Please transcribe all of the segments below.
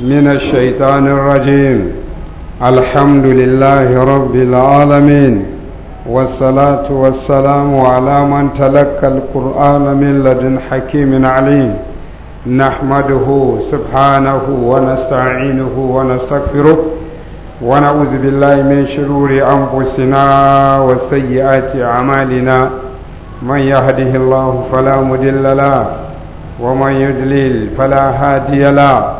من الشيطان الرجيم الحمد لله رب العالمين والصلاة والسلام على من تلقى القرآن من لدن حكيم عليم نحمده سبحانه ونستعينه ونستغفره ونعوذ بالله من شرور أنفسنا وسيئات أعمالنا من يهده الله فلا مدل له ومن يدلل فلا هادي له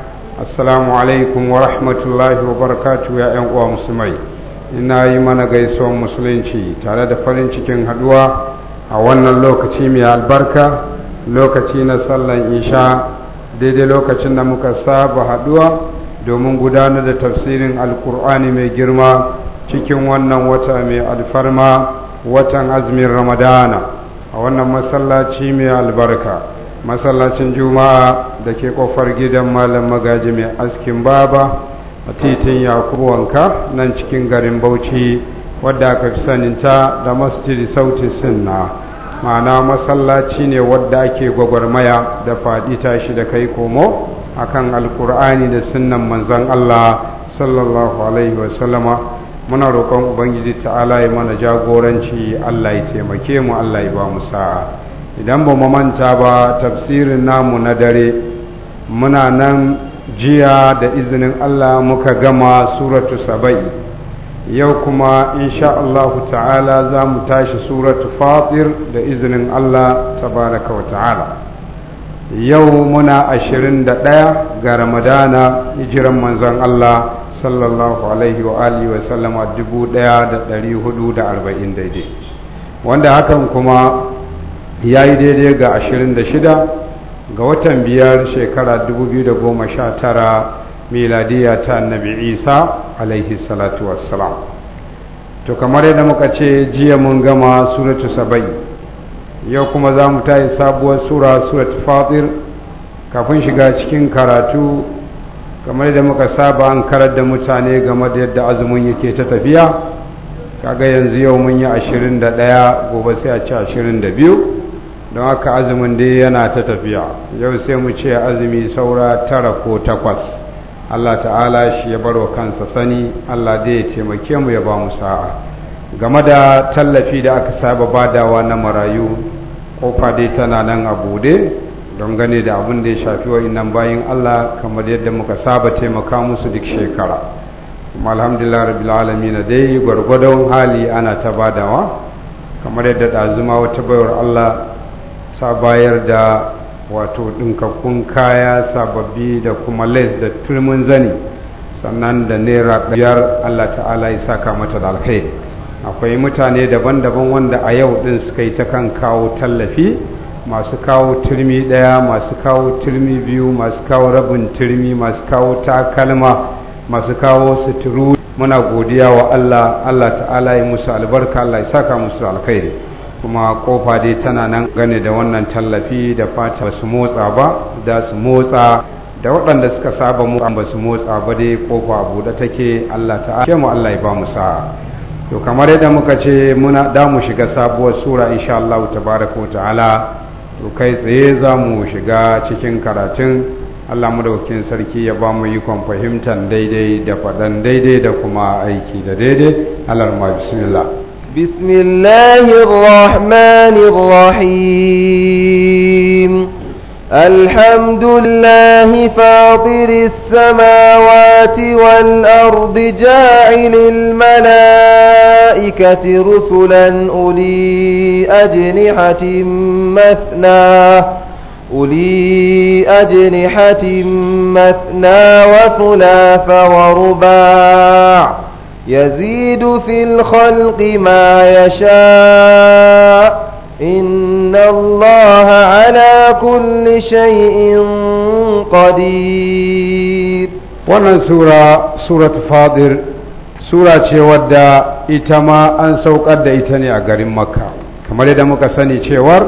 assalamu alaikum wa rahmatullahi wa barakatu ya yan uwa musulmai ina yi mana gaisuwan musulunci tare da farin cikin haduwa a wannan lokaci mai albarka lokaci na sallan isha daidai lokacin da muka saba haduwa domin gudanar da tafsirin alkur'ani mai girma cikin wannan wata mai alfarma watan azumin ramadana a wannan masallaci mai albarka masallacin juma'a da ke kofar gidan malam magaji mai askin baba a titin yakubu nan cikin garin bauchi wadda aka fi saninta da masjidi sauti sinna ma'ana masallaci ne wadda ake gwagwarmaya da faɗi tashi da kai komo a akan alkur'ani da sunnan manzon allah sallallahu alaihi wasallama muna roƙon ubangiji ta'ala ya mana jagoranci allah ya taimake mu allah ya ba mu sa'a idan ba manta ba tafsirin namu na dare muna nan jiya da izinin Allah muka gama suratu saba'i yau kuma insha Allah ta'ala za mu tashi suratu fatir da izinin Allah tabaraka wa ta'ala yau muna ashirin da ɗaya ga ramadana hijiran manzon Allah sallallahu alaihi wa alihi wa sallama dubu ɗaya da ɗari hudu da arba'in daidai wanda hakan kuma ya yi daidai ga 26 ga watan biyar shekara 2019 miladiya ta annabi isa alaihi salatu wassalam to kamar yadda muka ce jiya mun gama suratu saba'i yau kuma za mu tayi sabuwar sura suratu fatir kafin shiga cikin karatu kamar yadda muka saba an karar da mutane game da yadda azumin yake ta tafiya kaga yanzu yau mun yi 21 gobe sai a ci 22 don haka azumin dai yana ta tafiya yau sai mu ce azumi saura tara ko takwas Allah ta'ala shi ya baro kansa sani Allah dai ya taimake mu ya ba mu sa'a game da tallafi da aka saba badawa na marayu kofa dai tana nan a bude don gane da abin da ya shafi wa'innan bayan Allah kamar yadda muka saba taimaka musu duk shekara kuma alhamdulillah rabbil alamin dai gwargwadon hali ana ta badawa kamar yadda ɗazuma wata bayar Allah ta bayar da wato ɗinkakkun kaya sababbi da kuma les da turmin zani sannan da naira biyar allah ta'ala ya saka mata da alkhairi akwai mutane daban-daban wanda a yau ɗin suka yi ta kan kawo tallafi masu kawo turmi ɗaya masu kawo turmi biyu masu kawo rabin turmi masu kawo takalma masu kawo suturu muna godiya wa allah allah ta'ala ya musu albarka allah ya saka musu alkhairi kuma kofa dai tana nan gane da wannan tallafi da fata su motsa ba da su motsa da waɗanda suka saba mu ba su motsa ba dai kofa a buɗe take Allah ta'ala ke mu Allah ya ba mu sa'a to kamar yadda muka ce muna da mu shiga sabuwar sura insha Allah tabaraka ta'ala to kai tsaye za mu shiga cikin karatun Allah madaukakin sarki ya ba mu ikon fahimtar daidai da faɗan daidai da kuma aiki da daidai Allah ma bismillah بسم الله الرحمن الرحيم الحمد لله فاطر السماوات والأرض جاعل الملائكة رسلا أولي أجنحة مثنى أولي أجنحة مثنى وثلاث ورباع يزيد في الخلق ما يشاء إن الله على كل شيء قدير wannan sura surat fadir sura ce wadda ita ma an saukar da ita ne a garin makka kamar yadda muka sani cewar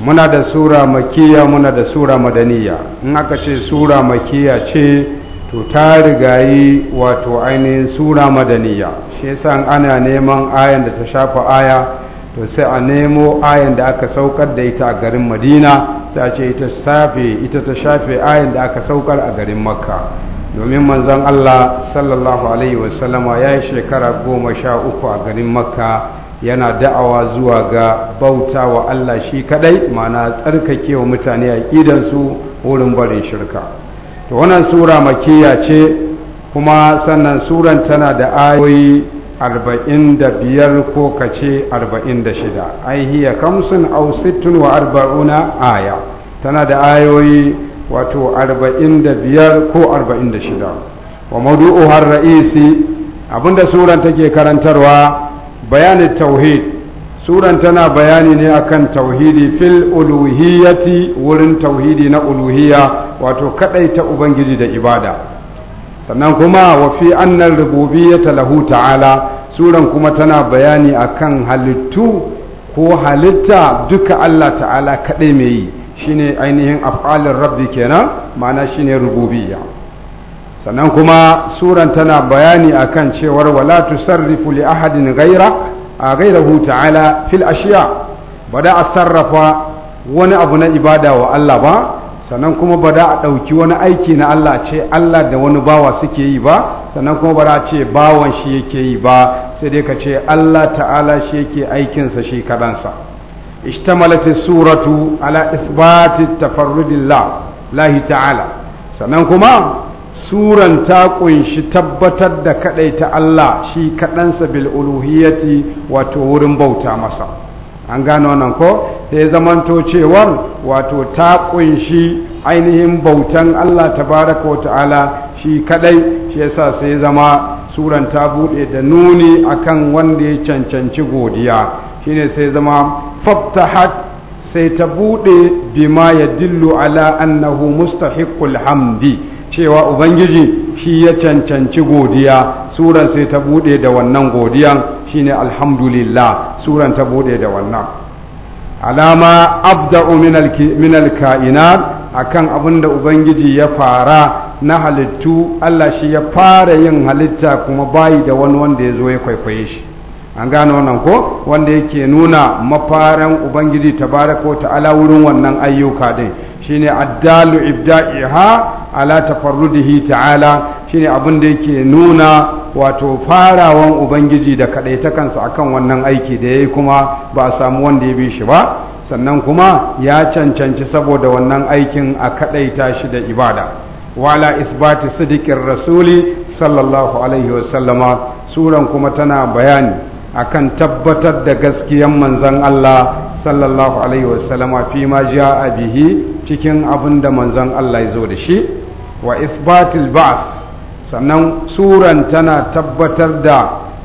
muna da sura makiya muna da sura madaniya in aka ce sura makiya ce to ta rigayi wato ainihin sura madaniya shi yasa ana neman ayan da ta shafa aya to sai a nemo ayan da aka saukar da ita a garin madina sai a ce ita safe ita ta shafe ayan da aka saukar a garin makka domin manzon allah sallallahu alaihi wasallama ya yi shekara goma sha uku a garin makka yana da'awa zuwa ga bauta wa Allah shi kadai mana tsarkakewa mutane a ƙidansu wurin barin shirka to wannan sura makiyya ce kuma sannan suran tana da ayoyi arba'in da biyar ko kace arba'in da shida ai hiya kamsun au sittun wa arba'una aya tana da ayoyi wato arba'in da biyar ko arba'in da shida wa maudu'uhar ra'isi abinda suran take karantarwa bayanin tauhid suran tana bayani ne akan tauhidi fil uluhiyati wurin tauhidi na uluhiyya wato ta ubangiji da ibada sannan kuma wa fi annal rububiyyata lahu ta'ala suran kuma tana bayani akan halittu ko halitta duka Allah ta'ala kadai mai yi shine ainihin af'alir rabbi kenan ma'ana shine rububiyya sannan kuma suran tana bayani akan cewar walatu tusarrifu li ahadin ghaira a ghairahu ta'ala fil ashiya ba da a sarrafa wani abu na ibada wa Allah ba sannan kuma ba da a ɗauki wani aiki na Allah ce Allah da wani bawa suke yi ba sannan kuma ba da ce bawan shi yake yi ba sai dai ka ce Allah ta'ala shi yake aikinsa shi kaɗansa ishtamalati suratu ala isbati tafarrudillah lahi ta'ala sannan kuma suran ta kunshi tabbatar da kaɗai ta Allah shi kaɗansa bil uluhiyati wato wurin bauta masa an gano nan ko sai zamanto cewar wato ta kunshi ainihin bautan Allah tabaraka wa ta'ala shi kadai shi yasa sai zama suran ta bude da nuni akan wanda ya cancanci godiya shine sai zama faftahat sai ta bude bima ya dillu ala annahu mustahiqul hamdi cewa ubangiji shi ya cancanci godiya suran sai ta bude da wannan godiyan shine alhamdulillah suran ta bude da wannan alama abda'u min alka'inat akan abin da ubangiji ya fara na halittu Allah shi ya fara yin halitta kuma bayi da wani wanda ya zo ya kwaikwaye shi an gano wannan ko wanda yake nuna mafaran ubangiji tabaraka wa ta'ala wurin wannan ayyuka din shine addalu ibda'iha ala tafarrudihi ta'ala shine abin da yake nuna wato farawan ubangiji da kadaita kansa akan wannan aiki da ya yi kuma ba a samu wanda ya bi shi ba sannan kuma ya cancanci saboda wannan aikin a kadaita shi da ibada wala isbati sidikin rasuli sallallahu alaihi wasallama suran kuma tana bayani akan tabbatar da gaskiyan manzon Allah sallallahu alaihi wasallama fi ma ja'a bihi cikin abin da manzon Allah ya zo da shi wa isbatil ba'th sannan suran tana tabbatar da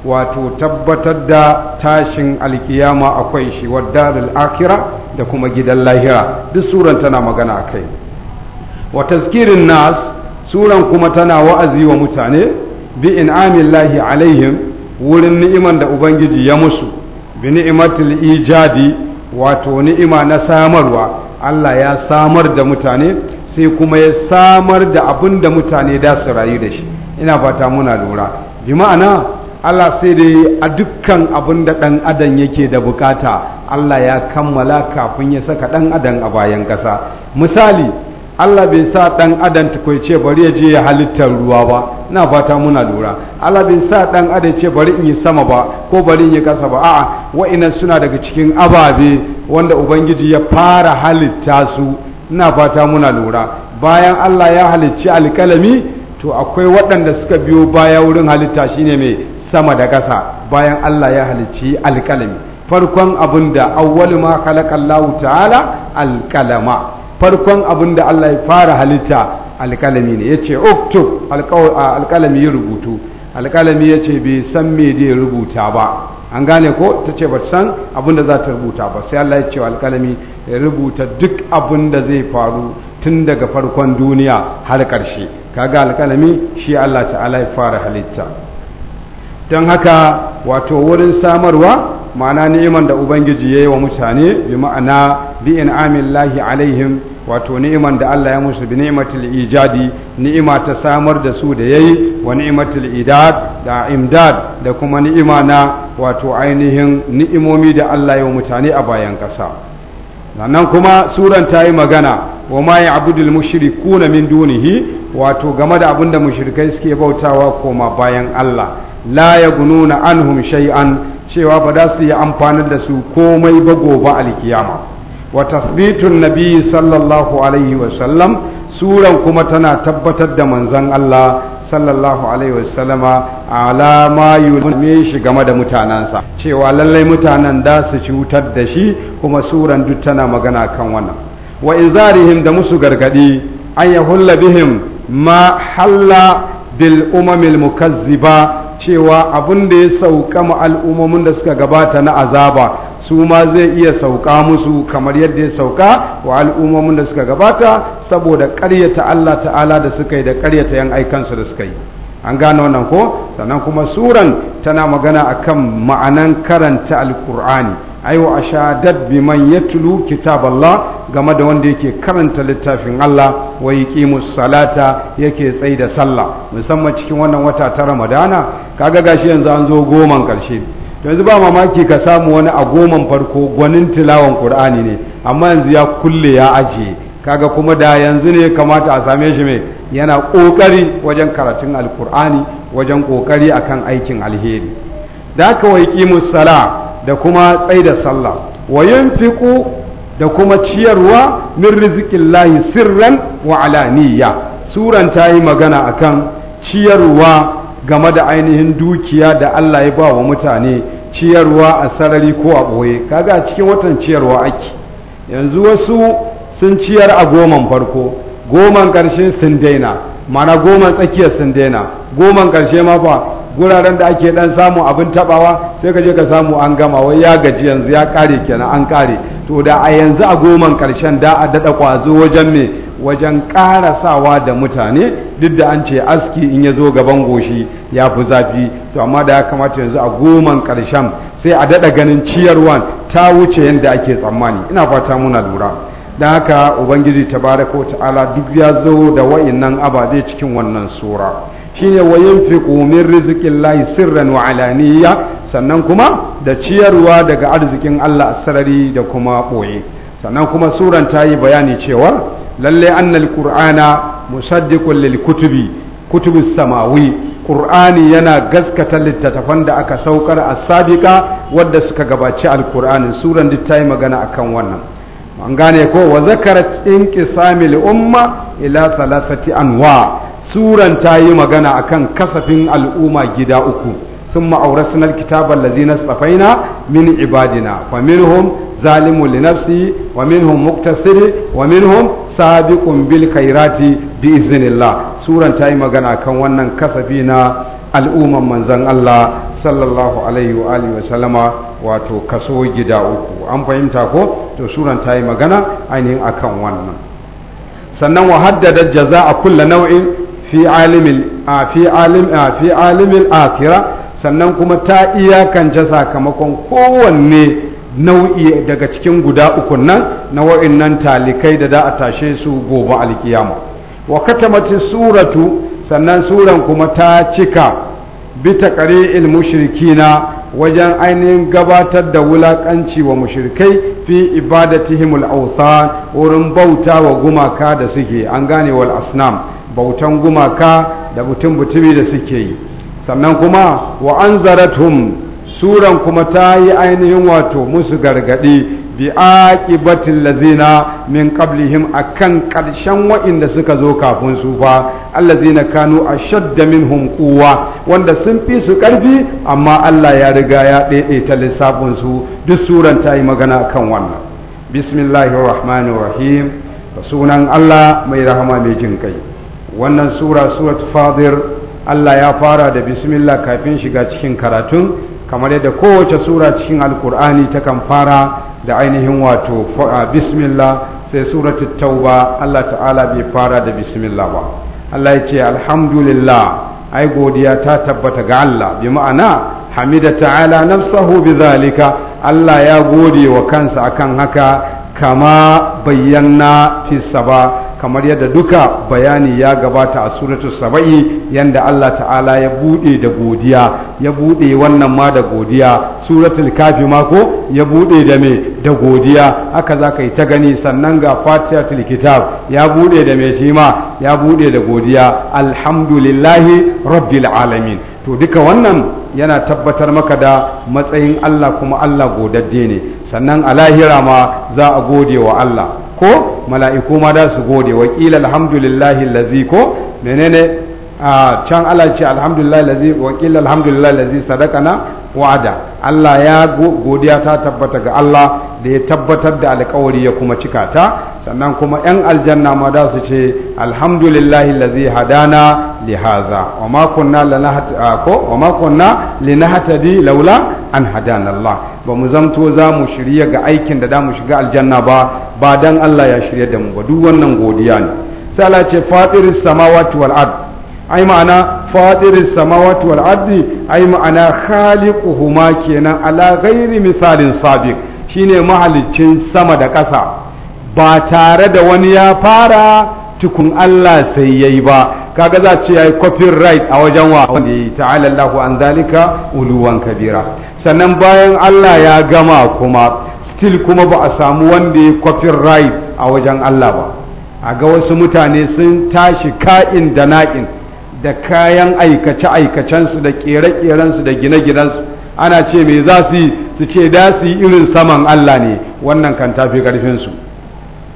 wato tabbatar da tashin alkiyama akwai shi wadda al'akira da kuma gidan lahira duk suran tana magana a kai wa tazkirin nas suran kuma tana wa'azi wa mutane bi in'amillahi alaihim wurin ni'iman da ubangiji ya musu bi ni'imatul ijadi wato ni'ima na samarwa Allah ya samar da mutane sai kuma ya samar da abin da mutane da su rayu da shi ina fata muna lura bi ma'ana Allah sai dai a dukkan abin da ɗan adam yake da bukata Allah ya kammala kafin ya saka ɗan adam a bayan ƙasa misali Allah bai sa ɗan adam ce bari ya je ya halittar ruwa ba ina fata muna lura Allah bai sa ɗan adam ce bari in yi sama ba ko bari in yi ƙasa ba a'a wa'inan suna daga cikin ababe wanda ubangiji ya fara halitta su ina fata muna lura bayan Allah ya halicci alkalami to akwai waɗanda suka biyo baya wurin halitta shine mai sama da ƙasa bayan Allah ya halicci alƙalami farkon abin da awwalu ma khalaqa Allah ta'ala alƙalama farkon abin da Allah ya fara halitta alƙalami ne yace uktub alƙalami ya rubutu alƙalami yace bai san me da rubuta ba an gane ko ta ce ba san abin da za ta rubuta ba sai Allah ya ce alƙalami ya rubuta duk abin da zai faru tun daga farkon duniya har ƙarshe kaga alƙalami shi Allah ta'ala ya fara halitta don haka wato wurin samarwa ma'ana ni'iman da ubangiji ya yi wa mutane bi ma'ana bi lahi alaihim wato ni'iman da Allah ya musu bi ni'imatul ijadi ni'ima ta samar da su da yayi wa ni'imatul idad da imdad da kuma ni'ima na wato ainihin ni'imomi da Allah ya wa mutane a bayan ƙasa sannan kuma suran ta yi magana wa ma ya'budul mushrikuna min dunihi wato game da da mushrikai suke bautawa koma bayan Allah la yagununa anhum an cewa ba za su yi amfanin da su komai ba gobe alkiyama wa tasbitun biyu sallallahu alaihi wa sallam suran kuma tana tabbatar da manzon Allah sallallahu alaihi wasallama ala ma yume shi game da mutanansa cewa lallai mutanen da su cutar da shi kuma suran duk tana magana kan wannan wa izarihim da musu gargadi an yahulla bihim ma halla bil umamil mukazziba cewa abin da ya sauka ma al'ummomin da suka gabata na azaba su ma zai iya sauka musu kamar yadda ya sauka wa al'ummomin da suka gabata saboda ƙaryata Allah ta'ala da suka yi da ƙaryata yan aikansu da suka yi an gano wannan ko sannan kuma suran tana magana akan ma'anan karanta alkur'ani aiwa a shadat bi man yatlu kitab Allah game da wanda yake karanta littafin Allah wai yuqimus salata yake tsayi da sallah musamman cikin wannan wata ta Ramadana kaga gashi yanzu an zo goman karshe to yanzu ba mamaki ka samu wani a goman farko gwanin tilawan Ƙur'ani ne amma yanzu ya kulle ya ajiye kaga kuma da yanzu ne kamata a same shi mai yana ƙoƙari wajen karatun alkur'ani wajen ƙoƙari akan aikin alheri da aka waiki Sala da kuma tsai da sallah wa yin fiƙo da kuma ciyarwa min rizikin layi sirran wa alaniya suran ta yi magana akan ciyarwa game da ainihin dukiya da Allah ya ba wa mutane ciyarwa a sarari ko a ɓoye kaga a cikin watan ciyarwa ake yanzu wasu sun ciyar a goman farko goman ƙarshe sun daina mana goman tsakiyar sun daina goman ƙarshe ma fa guraren da ake dan samu abin tabawa sai ka je ka samu an gama wai ya gaji yanzu ya kare kenan an kare to da a yanzu a goman ƙarshen da a dada kwazo wajen me wajen sawa da mutane duk da an ce aski in ya zo gaban goshi ya fi zafi to amma da ya kamata yanzu a goman ƙarshen sai a daɗa ganin ciyarwan ta wuce yadda ake tsammani ina fata muna lura Da haka ubangiji tabaraka wa ta'ala duk ya zo da wainnan ababe cikin wannan sura shine wa yin min rizqillahi sirran wa alaniya sannan kuma da ciyarwa daga arzikin Allah sarari da kuma ɓoye sannan kuma suran ta yi bayani cewa lalle annal qur'ana musaddiqun lil kutubi kutubus samawi qur'ani yana gaskata littattafan da aka saukar a sabiqa wadda suka gabaci alqur'ani suran duk ta yi magana akan wannan an gane ko wa zakara cikin kisami umma ila salasati anwa suran ta yi magana akan kasafin al'umma gida uku sun ma'aura kitabar lazi na min ibadina wa minhum zalimu li nafsi wa minhum muktasiri wa minhum sabiqun bil khairati bi iznillah suran ta yi magana kan wannan kasafi na al'umman manzon Allah sallallahu alaihi wa alihi wa sallama wato kaso gida uku an fahimta ko to suran ta yi magana ainihin kan wannan sannan wa haddada jaza a kulla nau'in fi alimin akira sannan kuma ta iyakance sakamakon kowanne nau'i daga cikin guda ukun nan na wa'innan talikai da da a tashe su gobe alkiyama wa katamati suratu sannan suran kuma ta cika bi ilmushirki na. wajen ainihin gabatar da wulaƙanci wa mushrikai fi ibadatihimul awthan wurin bauta wa gumaka da suke an gane wal asnam bautan gumaka da mutum mutumi da suke yi sannan kuma wa hum. suran kuma ta yi ainihin wato musu gargaɗi bi aqibatil lazina min qablihim akan ƙarshen wa'inda suka zo kafin su fa allazina kanu ashadda minhum quwwa wanda sun fi su karfi amma Allah ya riga ya daidaita lissafin su duk suran ta yi magana kan wannan bismillahir rahmanir rahim sunan Allah mai rahama mai jin kai wannan sura surat fadir Allah ya fara da bismillah kafin shiga cikin karatun kamar yadda kowace sura cikin alkur'ani takan fara da ainihin wato bismillah sai suratu tauba Allah ta'ala bai fara da bismillah ba Allah ya ce alhamdulillah ai godiya ta tabbata ga Allah bi ma'ana hamida ta'ala nafsahu zalika Allah ya gode wa kansa akan haka kama bayyana fi ba. kamar yadda duka bayani ya gabata a suratu saba'i yanda Allah ta'ala ya bude da godiya ya bude wannan ma da godiya suratul kafi ma ko ya bude da me da godiya haka za ka yi ta gani sannan ga fatihatul kitab ya bude da me shi ma ya bude da godiya alhamdulillahi rabbil alamin to duka wannan yana tabbatar maka da matsayin Allah kuma Allah godadde ne sannan a lahira ma za a gode wa Allah ko mala'iku ma da su gode wa qila alhamdulillahi allazi ko menene a can Allah ce alhamdulillahi allazi wa qila alhamdulillahi allazi sadaqana wa'ada Allah ya godiya ta tabbata ga Allah da ya tabbatar da alƙawari ya kuma cika ta sannan kuma 'yan aljanna ma da su ce alhamdulillahi lazi hadana li haza wa ma kunna linahtadi laula an hadana Allah ba mu zamto za mu shirya ga aikin da za mu shiga aljanna ba ba dan Allah ya shirya da mu ba duk wannan godiya ne sai Allah ce fatiris samawati wal ard ai ma'ana fatiris samawati wal ard ai ma'ana khaliquhuma kenan ala ghairi misalin sabiq shine mahaliccin sama da ƙasa ba tare da wani ya fara tukun Allah sai yayi ba kaga za ce ya yi copyright a wajen wa wanda yi ta'ala Allahu an zalika uluwan kabira sannan bayan Allah ya gama kuma still kuma ba a samu wanda ya copyright a wajen Allah ba a ga wasu mutane sun tashi ka'in da na'in da kayan aikace-aikacensu da kere kerensu da gine-ginensu ana ce me za su yi su ce da su yi irin saman Allah ne wannan kan tafi ƙarfinsu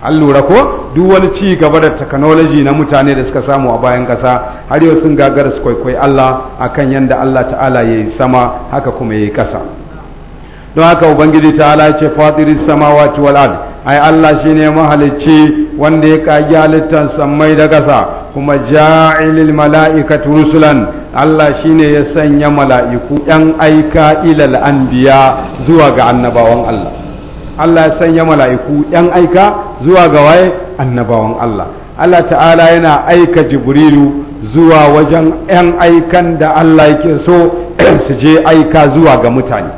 an lura ko duk wani ci gaba da technology na mutane da suka samu a bayan kasa har yau sun gagara su kwaikwai Allah akan yanda Allah ta'ala ya yi sama haka kuma ya yi kasa don haka ubangiji ta'ala ce fadiris samawati wal ard ai Allah shine mahalicci wanda ya kagi halittar sammai da kasa kuma ja'ilil mala'ikatu rusulan Allah shine ya sanya mala'iku yan aika ilal anbiya zuwa ga annabawan Allah Allah ya sanya mala'iku yan aika zuwa ga waye annabawan Allah Allah ta'ala yana aika jibrilu zuwa wajen 'yan aikan da Allah yake so su je aika zuwa ga mutane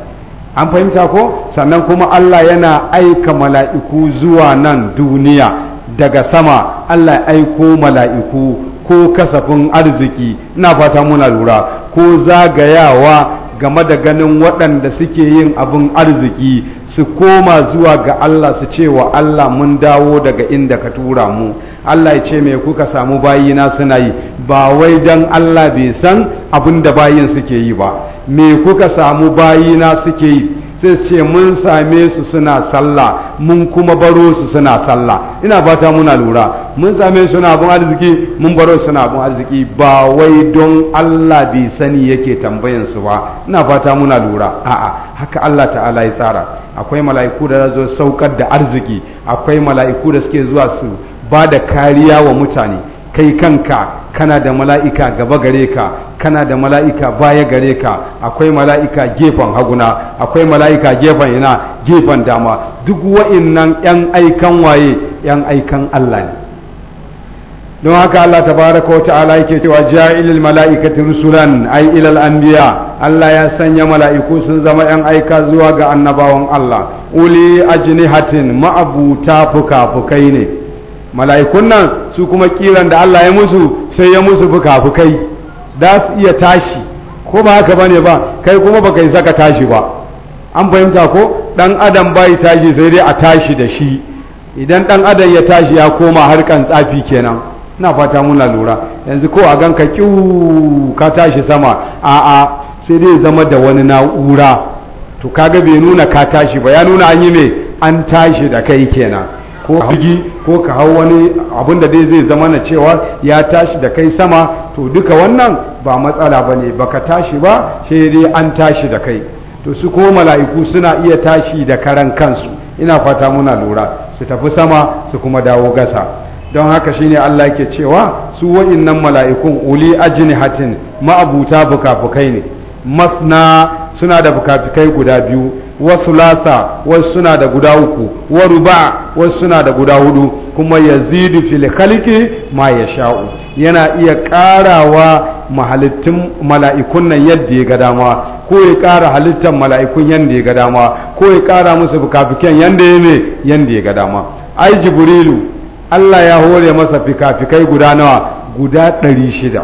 an fahimta ko sannan kuma Allah yana aika mala'iku zuwa nan duniya daga sama Allah aiko mala'iku ko kasafin arziki ina fata muna lura ko zagayawa game da ganin waɗanda suke yin abin arziki su koma zuwa ga Allah su ce wa Allah mun dawo daga inda ka tura mu Allah ya ce me kuka samu bayina suna yi ba wai don Allah bai san abin da bayin suke yi ba me kuka samu bayina suke yi sai ce mun same su suna sallah mun kuma baro su suna sallah ina fata muna lura mun same su suna abin arziki mun baro su suna abin arziki ba wai don Allah bai sani yake tambayan su ba ina fata muna lura a'a haka Allah ta'ala ya tsara akwai mala'iku da zo saukar da arziki akwai mala'iku da suke zuwa su ba da kariya wa mutane kai kanka kana da mala'ika gaba gare ka kana da mala'ika baya gare ka akwai mala'ika gefen haguna akwai mala'ika gefen ina gefen dama duk wa'innan yan aikan waye yan aikan Allah ne don haka Allah ta tabaraka wa ta'ala yake cewa ja'ilil mala'ikati rusulan ai ilal anbiya Allah ya sanya mala'iku sun zama yan aika zuwa ga annabawan Allah uli ajnihatin ma'abuta fuka-fukai ne mala'ikun nan su kuma kiran da Allah ya musu sai ya musu fuka-fukai da su iya tashi ko ba haka bane ba kai kuma baka yi saka tashi ba an fahimta ko dan adam bai tashi sai dai a tashi da shi idan dan adam ya tashi ya koma harkan tsafi kenan ina fata muna lura yanzu ko a ganka kiu ka tashi sama a a sai dai zama da wani na'ura to kaga bai nuna ka tashi ba ya nuna an yi me an tashi da kai kenan ko ko ka hau wani abin da dai zai zama na cewa ya tashi da kai sama to duka wannan ba matsala ba ne baka tashi ba sai dai an tashi da kai to su ko mala'iku suna iya tashi da karan kansu ina fata muna lura su tafi sama su kuma dawo gasa don haka shine Allah ke cewa su wa'innan mala'ikun uli ajnihatin ma'abuta bukafukai ne masna suna da bukafukai guda biyu wasu lasa wasu suna da guda uku wa ruba wasu suna da guda hudu kuma yazidu fil khalqi ma yasha'u yana iya ƙarawa mahalittun mala'ikun nan yadda ya ga dama ko ya ƙara halittar mala'ikun yadda ya ga dama ko ya ƙara musu fikafikan yadda ya ne yadda ya ga dama ai jibrilu Allah ya hore masa fikafikai guda nawa guda ɗari shida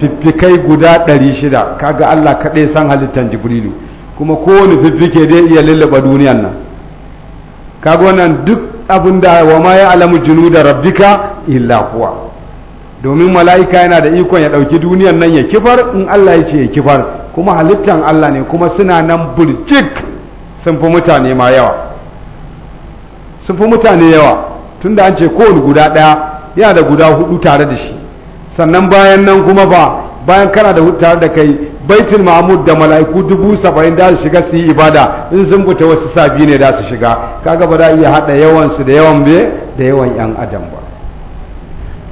fiffikai guda ɗari shida kaga Allah kaɗai san halittar jibrilu kuma kowane fiffike dai iya lullaba duniyan nan kaga wannan duk abin da wa ma ya alamu junu da rabbika illa kuwa domin mala'ika yana da ikon ya ɗauki duniyan nan ya kifar in Allah ya ce ya kifar kuma halittan Allah ne kuma suna nan burjik sun fi mutane ma yawa sun fi mutane yawa tunda an ce kowane guda ɗaya yana da guda hudu tare da shi sannan bayan nan kuma ba bayan kana da hudu tare da kai baitul mahmud da mala'iku dubu saba'in da su shiga su yi ibada in sun fita wasu sabi ne da su shiga kaga ba za a iya haɗa yawansu da yawan be da yawan yan adam ba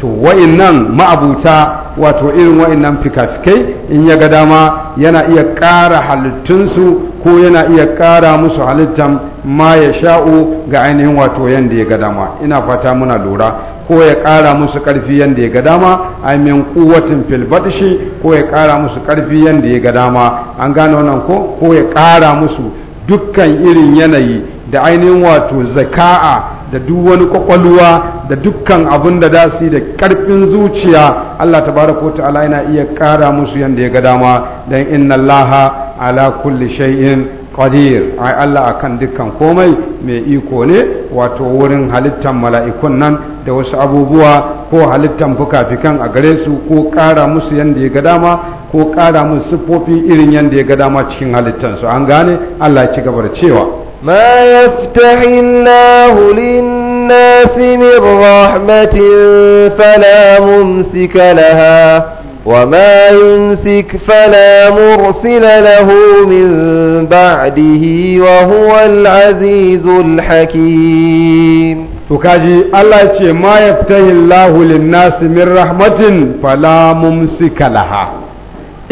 to wa'innan ma'abuta wato irin wa'innan fikafikai in ya ga dama yana iya ƙara halittunsu ko yana iya ƙara musu halittan ma ya sha'u ga ainihin wato yadda ya ga dama ina fata muna lura ko ya ƙara musu ƙarfi yadda ya ga dama a min kuwatin filbaɗishi ko ya ƙara musu ƙarfi yadda ya ga dama an gano wannan ko ko ya ƙara musu dukkan irin yanayi da ainihin wato zaka'a da duk wani kwakwalwa da dukkan abin da dasi da karfin zuciya Allah ta kotu ta'ala yana iya kara musu yadda ya ga dama Don inna Laha ala kulli shay'in qadir ai Allah akan dukkan komai mai iko ne wato wurin halittar mala'ikun nan da wasu abubuwa ko halittar fuka kan a gare su ko kara musu yadda ya ga dama ko kara musu siffofi irin yadda ya ga dama cikin halittansu an gane Allah ya ci gaba cewa ما يفتح الله للناس من رحمة فلا ممسك لها وما يمسك فلا مرسل له من بعده وهو العزيز الحكيم تكاجي الله ما يفتح الله للناس من رحمة فلا ممسك لها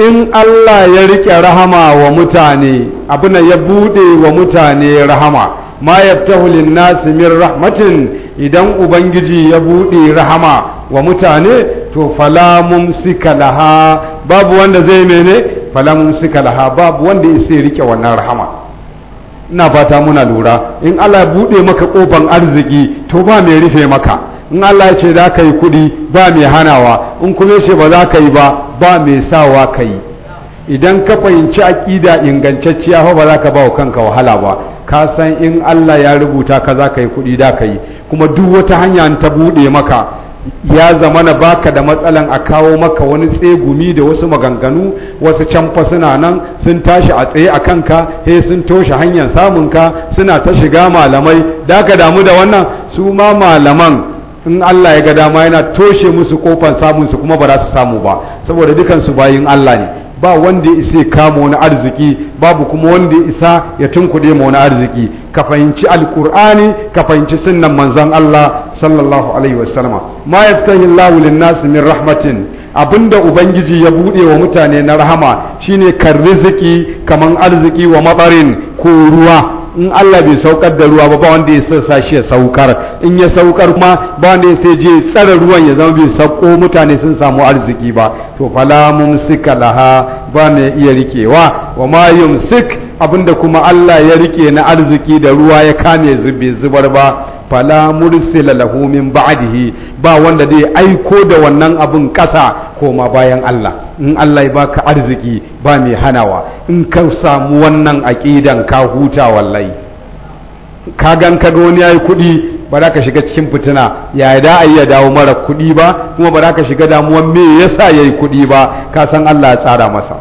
in Allah ya rike rahama wa mutane abin ya bude wa mutane rahama ma yaftahu linnasi min rahmatin idan ubangiji ya bude rahama wa mutane to fala mumsika laha babu wanda zai mene fala mumsika laha babu wanda ya rike wannan rahama ina fata muna lura in Allah ya bude maka kofan arziki to ba mai rufe maka in Allah ya ce za ka yi kuɗi ba mai hanawa in kuma ce ba za ka yi ba ba mai sawa ka yi idan ka fahimci aƙida ingantacciya fa ba za ka bawa kanka wahala ba ka san in Allah ya rubuta ka za ka yi kuɗi da ka yi kuma duk wata hanya ta buɗe maka ya zama na baka da matsalan a kawo maka wani tsegumi da wasu maganganu wasu canfa suna nan sun tashi a tsaye a kanka he sun toshe hanyar samunka suna ta shiga malamai da ka damu da wannan su ma malaman in Allah ya ga dama yana toshe musu kofan samun su kuma ba za su samu ba saboda dukan su bayin Allah ne ba wanda ya isa kama wani arziki babu kuma wanda ya isa ya tunkuɗe ma wani arziki ka fahimci alkur'ani ka fahimci sunnan manzon Allah sallallahu alaihi wasallama ma yaftahi Allahu lin-nasi min rahmatin abinda ubangiji ya bude wa mutane na rahama shine kan riziki kaman arziki wa matsarin ko ruwa in Allah bai saukar da ruwa ba ba wanda ya sassa shi ya saukar in ya saukar kuma ba wanda ya sai je tsara ruwan ya zama bai sauko mutane sun samu arziki ba to fala mumsika laha ba mai iya rikewa wa ma yumsik abinda kuma Allah ya rike na arziki da ruwa ya kame zubi zubar ba fala mursila lahu min ba'dihi ba wanda zai aiko da wannan abun ƙasa koma bayan Allah in Allah ya baka arziki ba mai hanawa in ka samu wannan aqidan ka huta wallahi ka gan ka ga wani yayi kuɗi ba za ka shiga cikin fitina ya da ayi ya dawo mara kuɗi ba kuma ba za ka shiga damuwan me yasa yayi yi kuɗi ba ka san Allah ya tsara masa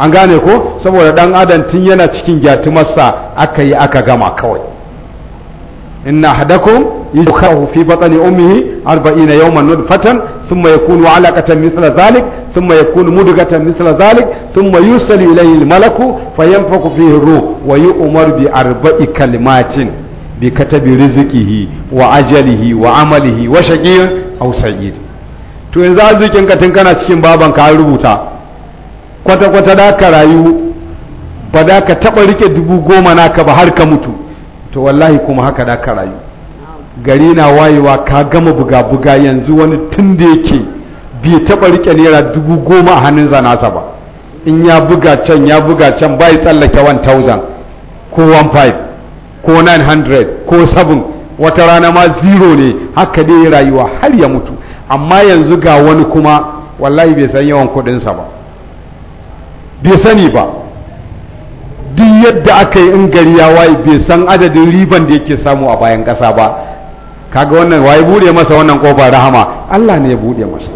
an gane ko saboda ɗan adam tun yana cikin gyatumarsa aka yi aka gama kawai إن أحدكم يجخره في بطن أمه أربعين يوما نطفة ثم يكون علقة مثل ذلك ثم يكون مدغة مثل ذلك ثم يرسل إليه الملك فينفق فيه الروح ويؤمر بأربع كلمات بكتب رزقه وأجله وعمله وشقي أو سعيد to yanzu arzikin ka tun kana cikin baban ka rubuta kwata-kwata da ka rayu ba da ka taɓa rike dubu goma naka ba har ka mutu to wallahi kuma haka da ka rayu gari na wayewa ka gama buga-buga yanzu wani tun da yake bai taɓa rike naira dubu goma a hannun zanasa ba in ya buga can ya buga can bai tsallake 1000 ko 15 ko 900 ko 7 wata rana ma zero ne haka dai rayuwa har ya mutu amma yanzu ga wani kuma wallahi bai san yawan kuɗinsa ba bai sani ba duk yadda aka yi in gari ya waye bai san adadin riban da yake samu a bayan ƙasa ba kaga wannan waye bude masa wannan kofa rahama Allah ne ya bude masa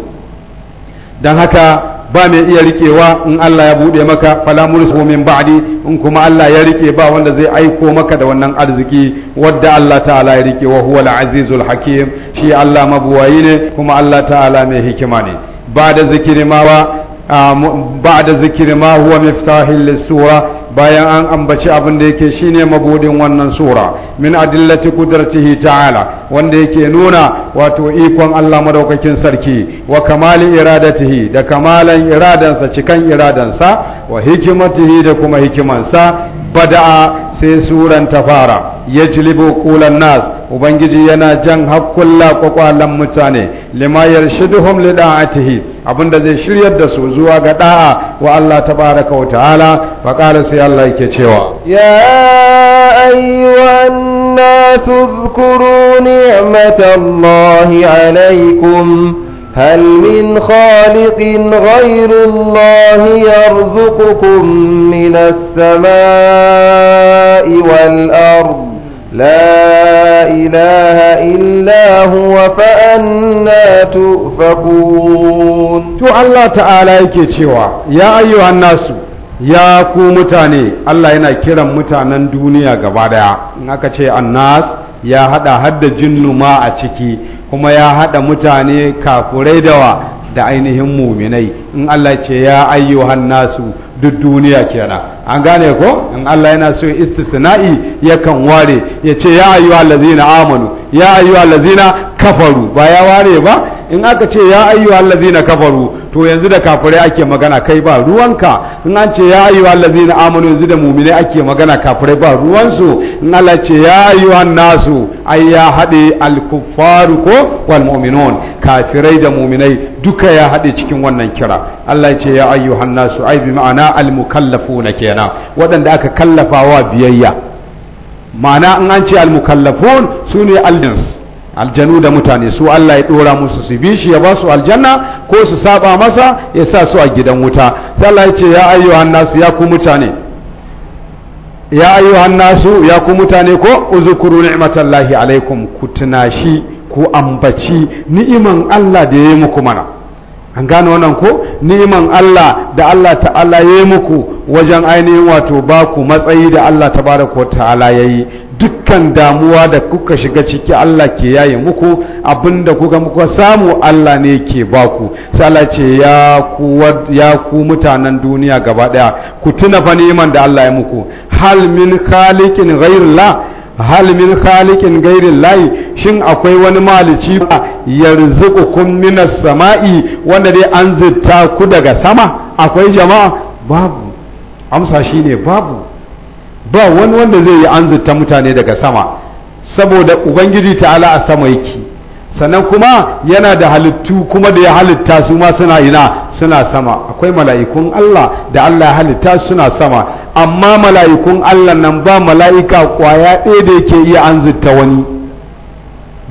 dan haka ba mai iya rikewa in Allah ya bude maka fala mursu min ba'di in kuma Allah ya rike ba wanda zai aiko maka da wannan arziki wadda Allah ta'ala ya rike wa huwal azizul hakim shi Allah mabuwayi ne kuma Allah ta'ala mai hikima ne ba da zikiri ma ba ba da zikiri ma huwa miftahil lisura bayan an ambaci abin da yake shine mabudin wannan sura min adillati qudratihi ta'ala wanda yake nuna wato ikon Allah madaukakin sarki wa kamali iradatihi da kamalan iradansa cikan iradansa wa hikimatihi da kuma hikimansa bada'a sai suran ta fara ya jilibo kulan nas ubangiji yana jan hakkulla kwakwalan mutane lima lida li abin abinda zai shiryar da su zuwa ga da'a wa Allah tabaraka wa ta'ala fa qala sai Allah yake cewa ya ayyuhan nas اذكروا نعمة الله هل من خالق غير الله يرزقكم من السماء والأرض لا إله إلا هو فأنا تؤفكون تو الله تعالى yake cewa ya ayyuhan nasu ya ku mutane Allah yana kiran mutanen duniya gaba daya in aka ce annas ya hada hadda jinnu ma a ciki kuma ya hada mutane kafurai dawa da ainihin muminai in Allah ce ya ayyo nasu duk duniya kenan an gane ko in Allah yana so istisna'i yakan ware ya ce ya ayyo allazina amanu ya ayyo allazina kafaru ba ya ware ba in aka ce ya ayyo allazina kafaru to yanzu da kafirai ake magana kai ba ruwanka in an ce ya yi ayyuha na amanu yanzu da mu'mini ake magana kafirai ba ruwansu in ce ya wa nasu ai ya haɗe al ko wal mu'minun kafirai da mu'minai duka ya haɗe cikin wannan kira Allah ce ya ayyu hannasu ai bi ma'ana almukallafu na kenan waɗanda aka kallafawa biyayya ma'ana in an ce almukallafun su sune aldins aljanu da mutane su Allah ya dora musu su bi shi ya ba su aljanna ko su saba masa ya sa su a gidan wuta sai Allah ya ce ya ayyuhan annasu ya ku mutane ya ayyuhan annasu ya ku mutane ko uzkuru ni'matallahi alaikum ku tunashi ku ambaci ni'iman Allah da ya yi muku mana an gane wannan ko ni'iman Allah da Allah ta'ala ya muku wajen ainihin wato ba ku matsayi da Allah tabaraka ta'ala ya yi dukkan damuwa da kuka shiga ciki Allah ke yayi muku abinda kuka muka samu Allah ne ke baku sai Allah ce ya ku ya ku mutanen duniya gaba daya ku tuna fa neman da Allah ya muku hal min khaliqin ghairillah hal min khaliqin ghairillah shin akwai wani malici ba yarzuqukum minas sama'i wanda dai an zitta ku daga sama akwai jama'a babu amsa shine babu ba wani wanda zai yi anzuta mutane daga sama saboda ubangiji ta'ala a sama yake sannan kuma yana da halittu kuma da ya halitta su ma suna ina suna sama akwai mala'ikun Allah da Allah ya halitta suna sama amma mala'ikun Allah nan ba mala'ika kwaya ɗaya da yake iya anzuta wani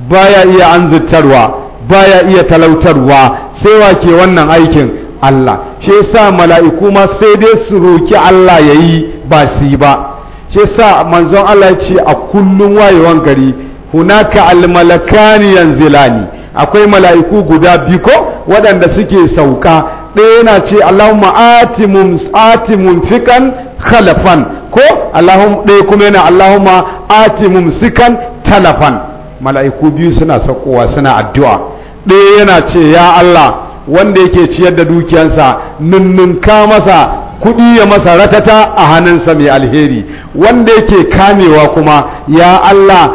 baya iya anzutarwa baya iya talautarwa sai wa ke wannan aikin Allah shi yasa mala'iku ma sai dai su roki Allah yayi ba su yi ba shi sa manzon Allah ce a kullum wayewan gari hunaka almalakani yanzilani akwai mala'iku guda biyu ko waɗanda suke sauka ɗaya yana ce Allahumma atimum atimum fikan khalafan ko Allahum ɗaya kuma yana Allahumma atimum sikan talafan mala'iku biyu suna saukowa suna addu'a ɗaya yana ce ya Allah wanda yake ciyar da dukiyarsa nunnunka masa kuɗi ya masa ratata a hannunsa mai alheri wanda yake kamewa kuma ya Allah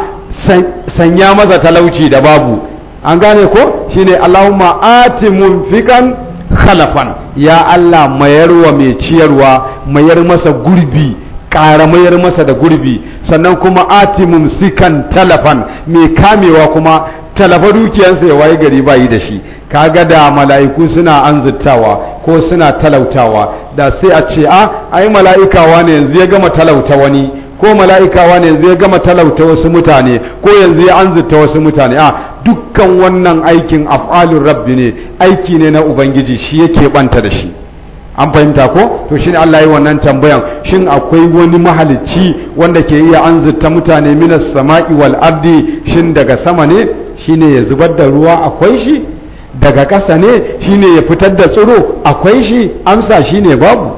sanya masa talauci da babu an gane ko shine Allahumma ati munfikan khalafan ya Allah mayarwa mai ciyarwa mayar masa gurbi ƙara mayar masa da gurbi sannan kuma ati mumsikan talafan mai kamewa kuma talafa dukiyarsa ya waye gari bayi da shi kaga da mala'iku suna anzittawa ko suna talautawa da sai a ce a ah, ai mala'ikawa ne yanzu ya gama talauta wani ko mala'ikawa ne yanzu ya gama talauta wasu mutane ko yanzu ya anzuta wasu mutane a ah, dukkan wannan aikin af'alun rabbi ne aiki ne na ubangiji shi yake banta da shi an fahimta ko to shine Allah yi wannan tambayan shin akwai wani mahalicci wanda ke iya anzuta mutane minas sama'i wal ardi shin daga sama ne shine ya zubar da ruwa akwai shi daga ƙasa ne shine ya fitar da tsiro akwai shi amsa shine babu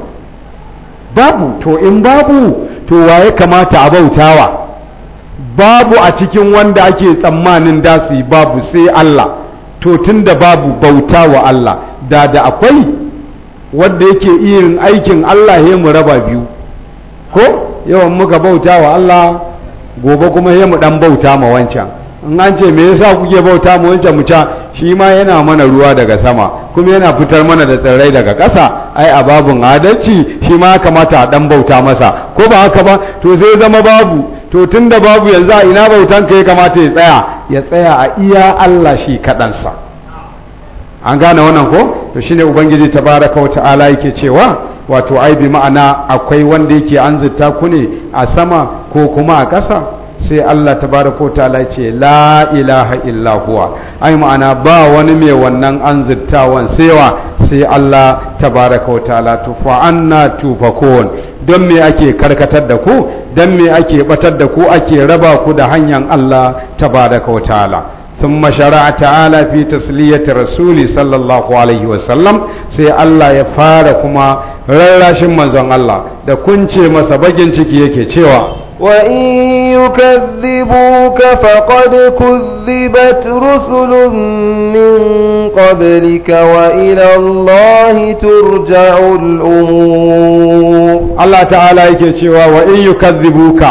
babu to in babu to waye kamata a bautawa babu a cikin wanda ake tsammanin dasi babu sai Allah to tunda babu bauta wa Allah da da akwai wanda yake irin aikin Allah ya mu raba biyu ko yawan muka bauta wa Allah gobe kuma ya mu dan bauta ma wancan in an ce me yasa kuke bauta mu wancan mu shi ma yana mana ruwa daga sama kuma yana fitar mana da tsirrai daga ƙasa ai a babun adalci shi ma kamata a dan bauta masa ko ba haka ba to sai zama babu to tun da babu yanzu a ina bautan ka ya kamata ya tsaya ya tsaya a iya Allah shi kaɗansa an gane wannan ko to shine ubangiji tabaraka wa ta'ala yake cewa wato ai bi ma'ana akwai wanda yake anzurta ku ne a sama ko kuma a ƙasa sai Allah ta tabaraka ta'ala ce la ilaha illa huwa ai ma'ana ba wani mai wannan an zittawan sewa sai Allah ta ko ta'ala to fa anna tufakun don me ake karkatar da ku don me ake batar da ku ake raba ku da hanyar Allah tabaraka ta'ala ثم شرع تعالى في تسلية رسول صلى الله عليه وسلم سي الله يفاركما رلاشن Sai Allah da kunce masa bakin ciki yake cewa وإن يكذبوك فقد كذبت رسل من قبلك وإلى الله ترجع الأمور الله تعالى يكتشوا وإن يكذبوك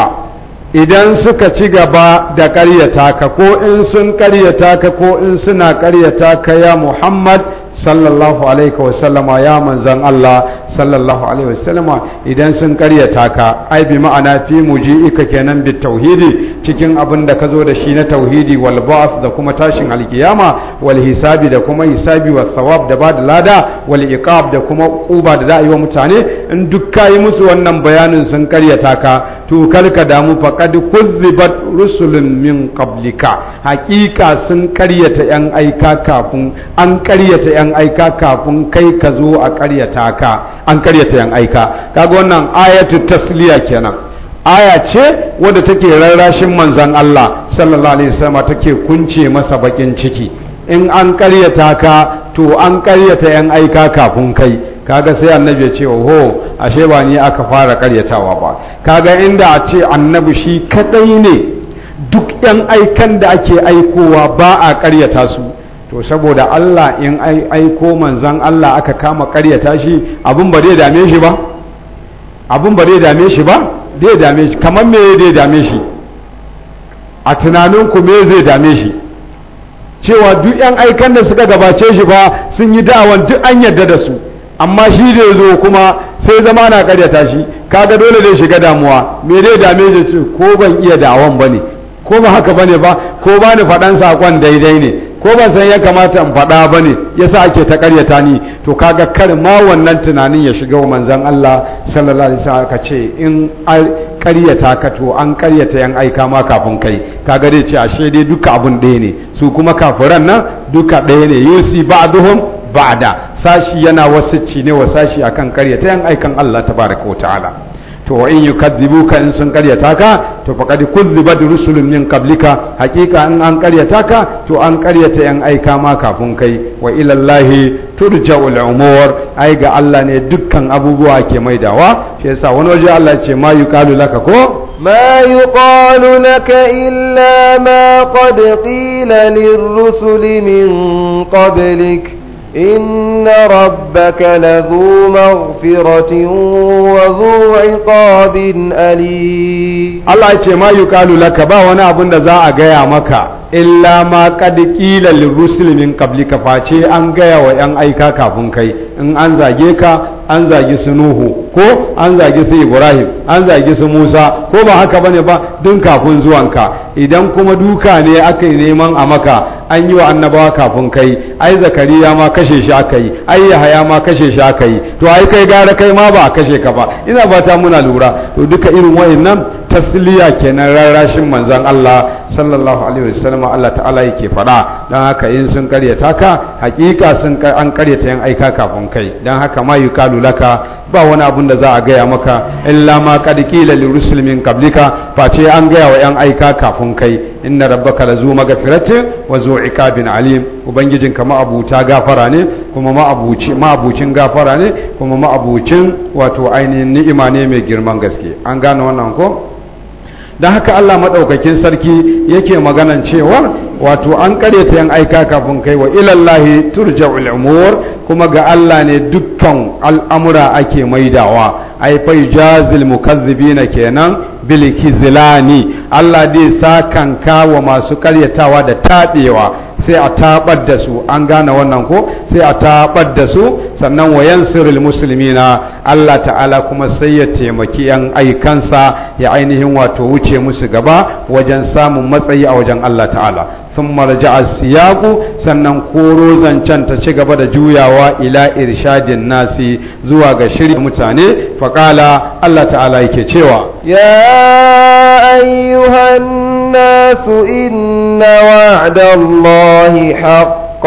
idan suka ci gaba da ƙaryata ka ko in sun ƙaryata ka ko in suna ƙaryata ka ya Muhammad sallallahu alaihi wa sallama ya manzan Allah sallallahu alaihi wa sallama idan sun karyata ka ai bi ma'ana fi muji'ika kenan bi tauhidi cikin abin da ka zo da shi na tauhidi wal da kuma tashin alkiyama wal hisabi da kuma hisabi was sawab da ba da lada wal iqab da kuma kuba da za a yi wa mutane in duk ka yi musu wannan bayanin sun karyata ka to ka damu faqad kuzibat rusulun min qablika hakika sun karyata yan aika kafin an karyata yan yan aika kafin kai ka zo a karyata ka an karyata yan aika kaga wannan ayatu tasliya kenan aya ce wanda take rarrashin manzon Allah sallallahu alaihi wasallam take kunce masa bakin ciki in an karyata ka to an karyata yan aika kafin kai kaga sai annabi ya ce oho ashe ba ni aka fara karyatawa ba kaga inda a ce annabi shi kadai ne duk yan aikan da ake aikowa ba a karyata su to saboda Allah in aiko manzan Allah aka kama karyata shi abin ba zai dame shi ba abin ba zai dame shi ba zai dame shi kamar me zai dame shi a tunaninku me zai dame shi cewa duk yan aikan da suka gabace shi ba sun yi da'awan duk an yarda da su amma shi zai zo kuma sai zama na karyata shi kaga dole zai shiga damuwa me zai dame shi ko ban iya da'awan bane ko ba haka bane ba ko ba ni faɗan saƙon daidai ne ko ban san ya kamata in faɗa ba ne ya sa ake ta ƙaryata ni to kaga kar ma wannan tunanin ya shiga wa manzan Allah sallallahu alaihi wasallam ka ce in ƙaryata ka to an ƙaryata yan aika ma kafin kai kaga dai ce ashe dai duka abun ɗaya ne su kuma kafiran nan duka ɗaya ne yusi ba'duhum ba'da sashi yana wasicci ne wa sashi akan ƙaryata yan aikan Allah tabaraka wa ta'ala to wa in yukadzibuka in sun karyata ka to faqad da rusulun min qablika hakika in an karyata ka to an karyata yan aika ma kafin kai wa ila llahi turja'ul umur ai ga Allah ne dukkan abubuwa ke maidawa shi yasa wani waje Allah ce ma yuqalu laka ko ma yuqalu laka illa ma qad qila lirrusuli min قبلك إن ربك لذو مغفرة وذو عقاب أليم الله يتي ما يقال لك با وانا أبن ذا أغيا مكا إلا ما قد قيل للرسل من قبلك فاتي أن غيا وأن أيكا كافن كي إن أنزا جيكا أنزا جسنوه ko an zagi su ibrahim an zagi su musa ko ba haka bane ba dun kafin zuwanka idan kuma duka ne aka neman a maka an yi wa annabawa kafin kai ai zakariya ma kashe shi aka yi ai yahaya ma kashe shi aka yi to ai kai gara kai ma ba a kashe ka ba ina fata muna lura to duka irin wayannan tasliya kenan rarrashin manzon Allah sallallahu alaihi wasallam Allah ta'ala yake fada dan haka in sun karyata ka hakika sun an karyata yan aika kafin kai dan haka ma yukalu laka ba wani abun da za a gaya maka illa ma qad qila lirusul min qablika face an gaya wa yan aika kafin kai inna rabbaka lazu magfiratin wa zu iqabin alim ubangijin ka ma'abuta gafara ne kuma ma'abuci ma'abucin gafara ne kuma ma'abucin wato ainihin ni'ima ne mai girman gaske an gane wannan ko dan haka Allah madaukakin sarki yake magana cewa wato an karyata yan aika kafin kai wa ilallahi turja'ul umur kuma ga Allah ne dukkan al'amura ake maidawa ai fa jazil mukazzibina kenan bil kizlani Allah dai sakan wa masu karyatawa da tabewa sai a tabar da su an gane wannan ko sai a tabar da su sannan wa musulmi na Allah ta'ala kuma sai ya taimaki yan aikansa ya ainihin wato wuce musu gaba wajen samun matsayi a wajen Allah ta'ala sun marja siyaku sannan koro zancen ta ci gaba da juyawa ila irshadin nasi zuwa ga shirya mutane faƙala Allah ta'ala yake cewa ya ayyuhan الناس إن وعد الله حق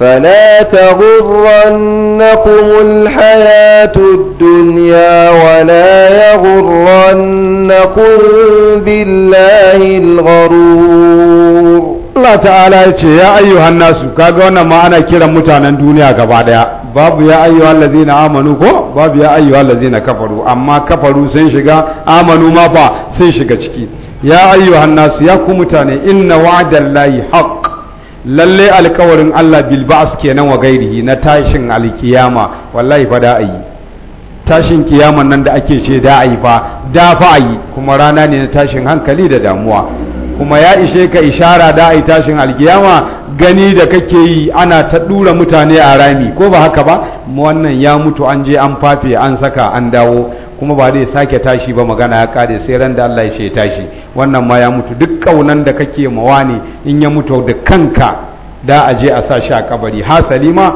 فلا تغرنكم الحياة الدنيا ولا يغرنكم بالله الغرور Allah ta'ala ya ce ya ayyuhan nasu kaga wannan ma ana kiran mutanen duniya gaba daya babu ya ayyuhan lazina amanu ko babu ya ayyuhan lazina kafaru amma kafaru sun shiga amanu ma fa sun shiga ciki ya ayyuhan nasu ya ku mutane inna wa'dan layi haqq lalle alkawarin Allah bil ke kenan wa gairihi na tashin alkiyama wallahi fa da ayi tashin kiyaman nan da ake ce da ayi fa da fa ayi kuma rana ne na tashin hankali da damuwa kuma ya ishe ka ishara da ayi tashin alkiyama gani da kake yi ana ta ɗura mutane a rami ko ba haka ba wannan ya mutu an je an fafe an saka an dawo kuma ba zai sake tashi ba magana ya kare sai ran da Allah ya ce tashi wannan ma ya mutu duk kaunan da kake mawa ne in ya mutu da kanka da a je a sa shi a kabari hasali ma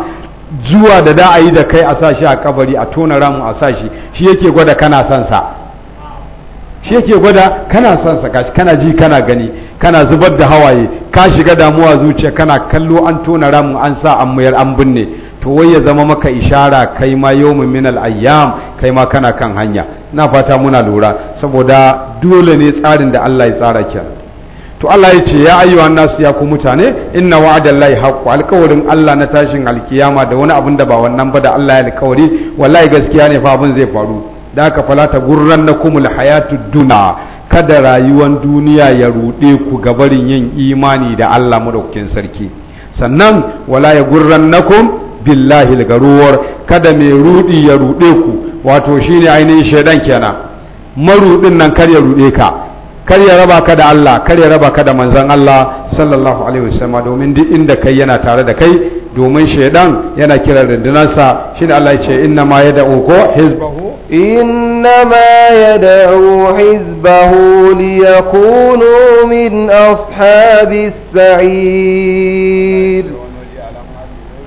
zuwa da da a yi da kai a sa shi a kabari a tona ramu a sa shi shi yake gwada kana son sa shi yake gwada kana son sa kashi kana ji kana gani kana zubar da hawaye ka shiga damuwa zuciya kana kallo an tona ramu an sa an mayar an binne to wai ya zama maka ishara kai ma yau min al-ayyam kai ma kana kan hanya na fata muna lura saboda dole ne tsarin da Allah ya tsara kenan to Allah ya ce ya ayyuhan nasu ya ku mutane inna wa'adallahi haqqu alkawarin Allah na tashin alkiyama da wani abin da ba wannan ba da Allah ya alƙawari wallahi gaskiya ne fa abin zai faru da aka fala ta gurrannakumul hayatud duna kada rayuwan duniya ya rude ku gabarin yin imani da Allah madaukakin sarki sannan wala ya gurran nakum billahi daga ruwar kada mai rudi ya rude ku wato shine ainihin shaidan kenan marudin nan kar ya rude ka kar ya raba ka da Allah kar ya raba ka da manzon Allah sallallahu alaihi wasallam domin duk inda kai yana tare da kai domin shaidan yana kiran rundunarsa shine Allah ya ce inna ma yad'u ko hizbahu إنما يدعو حزبه ليكونوا min أصحاب السعير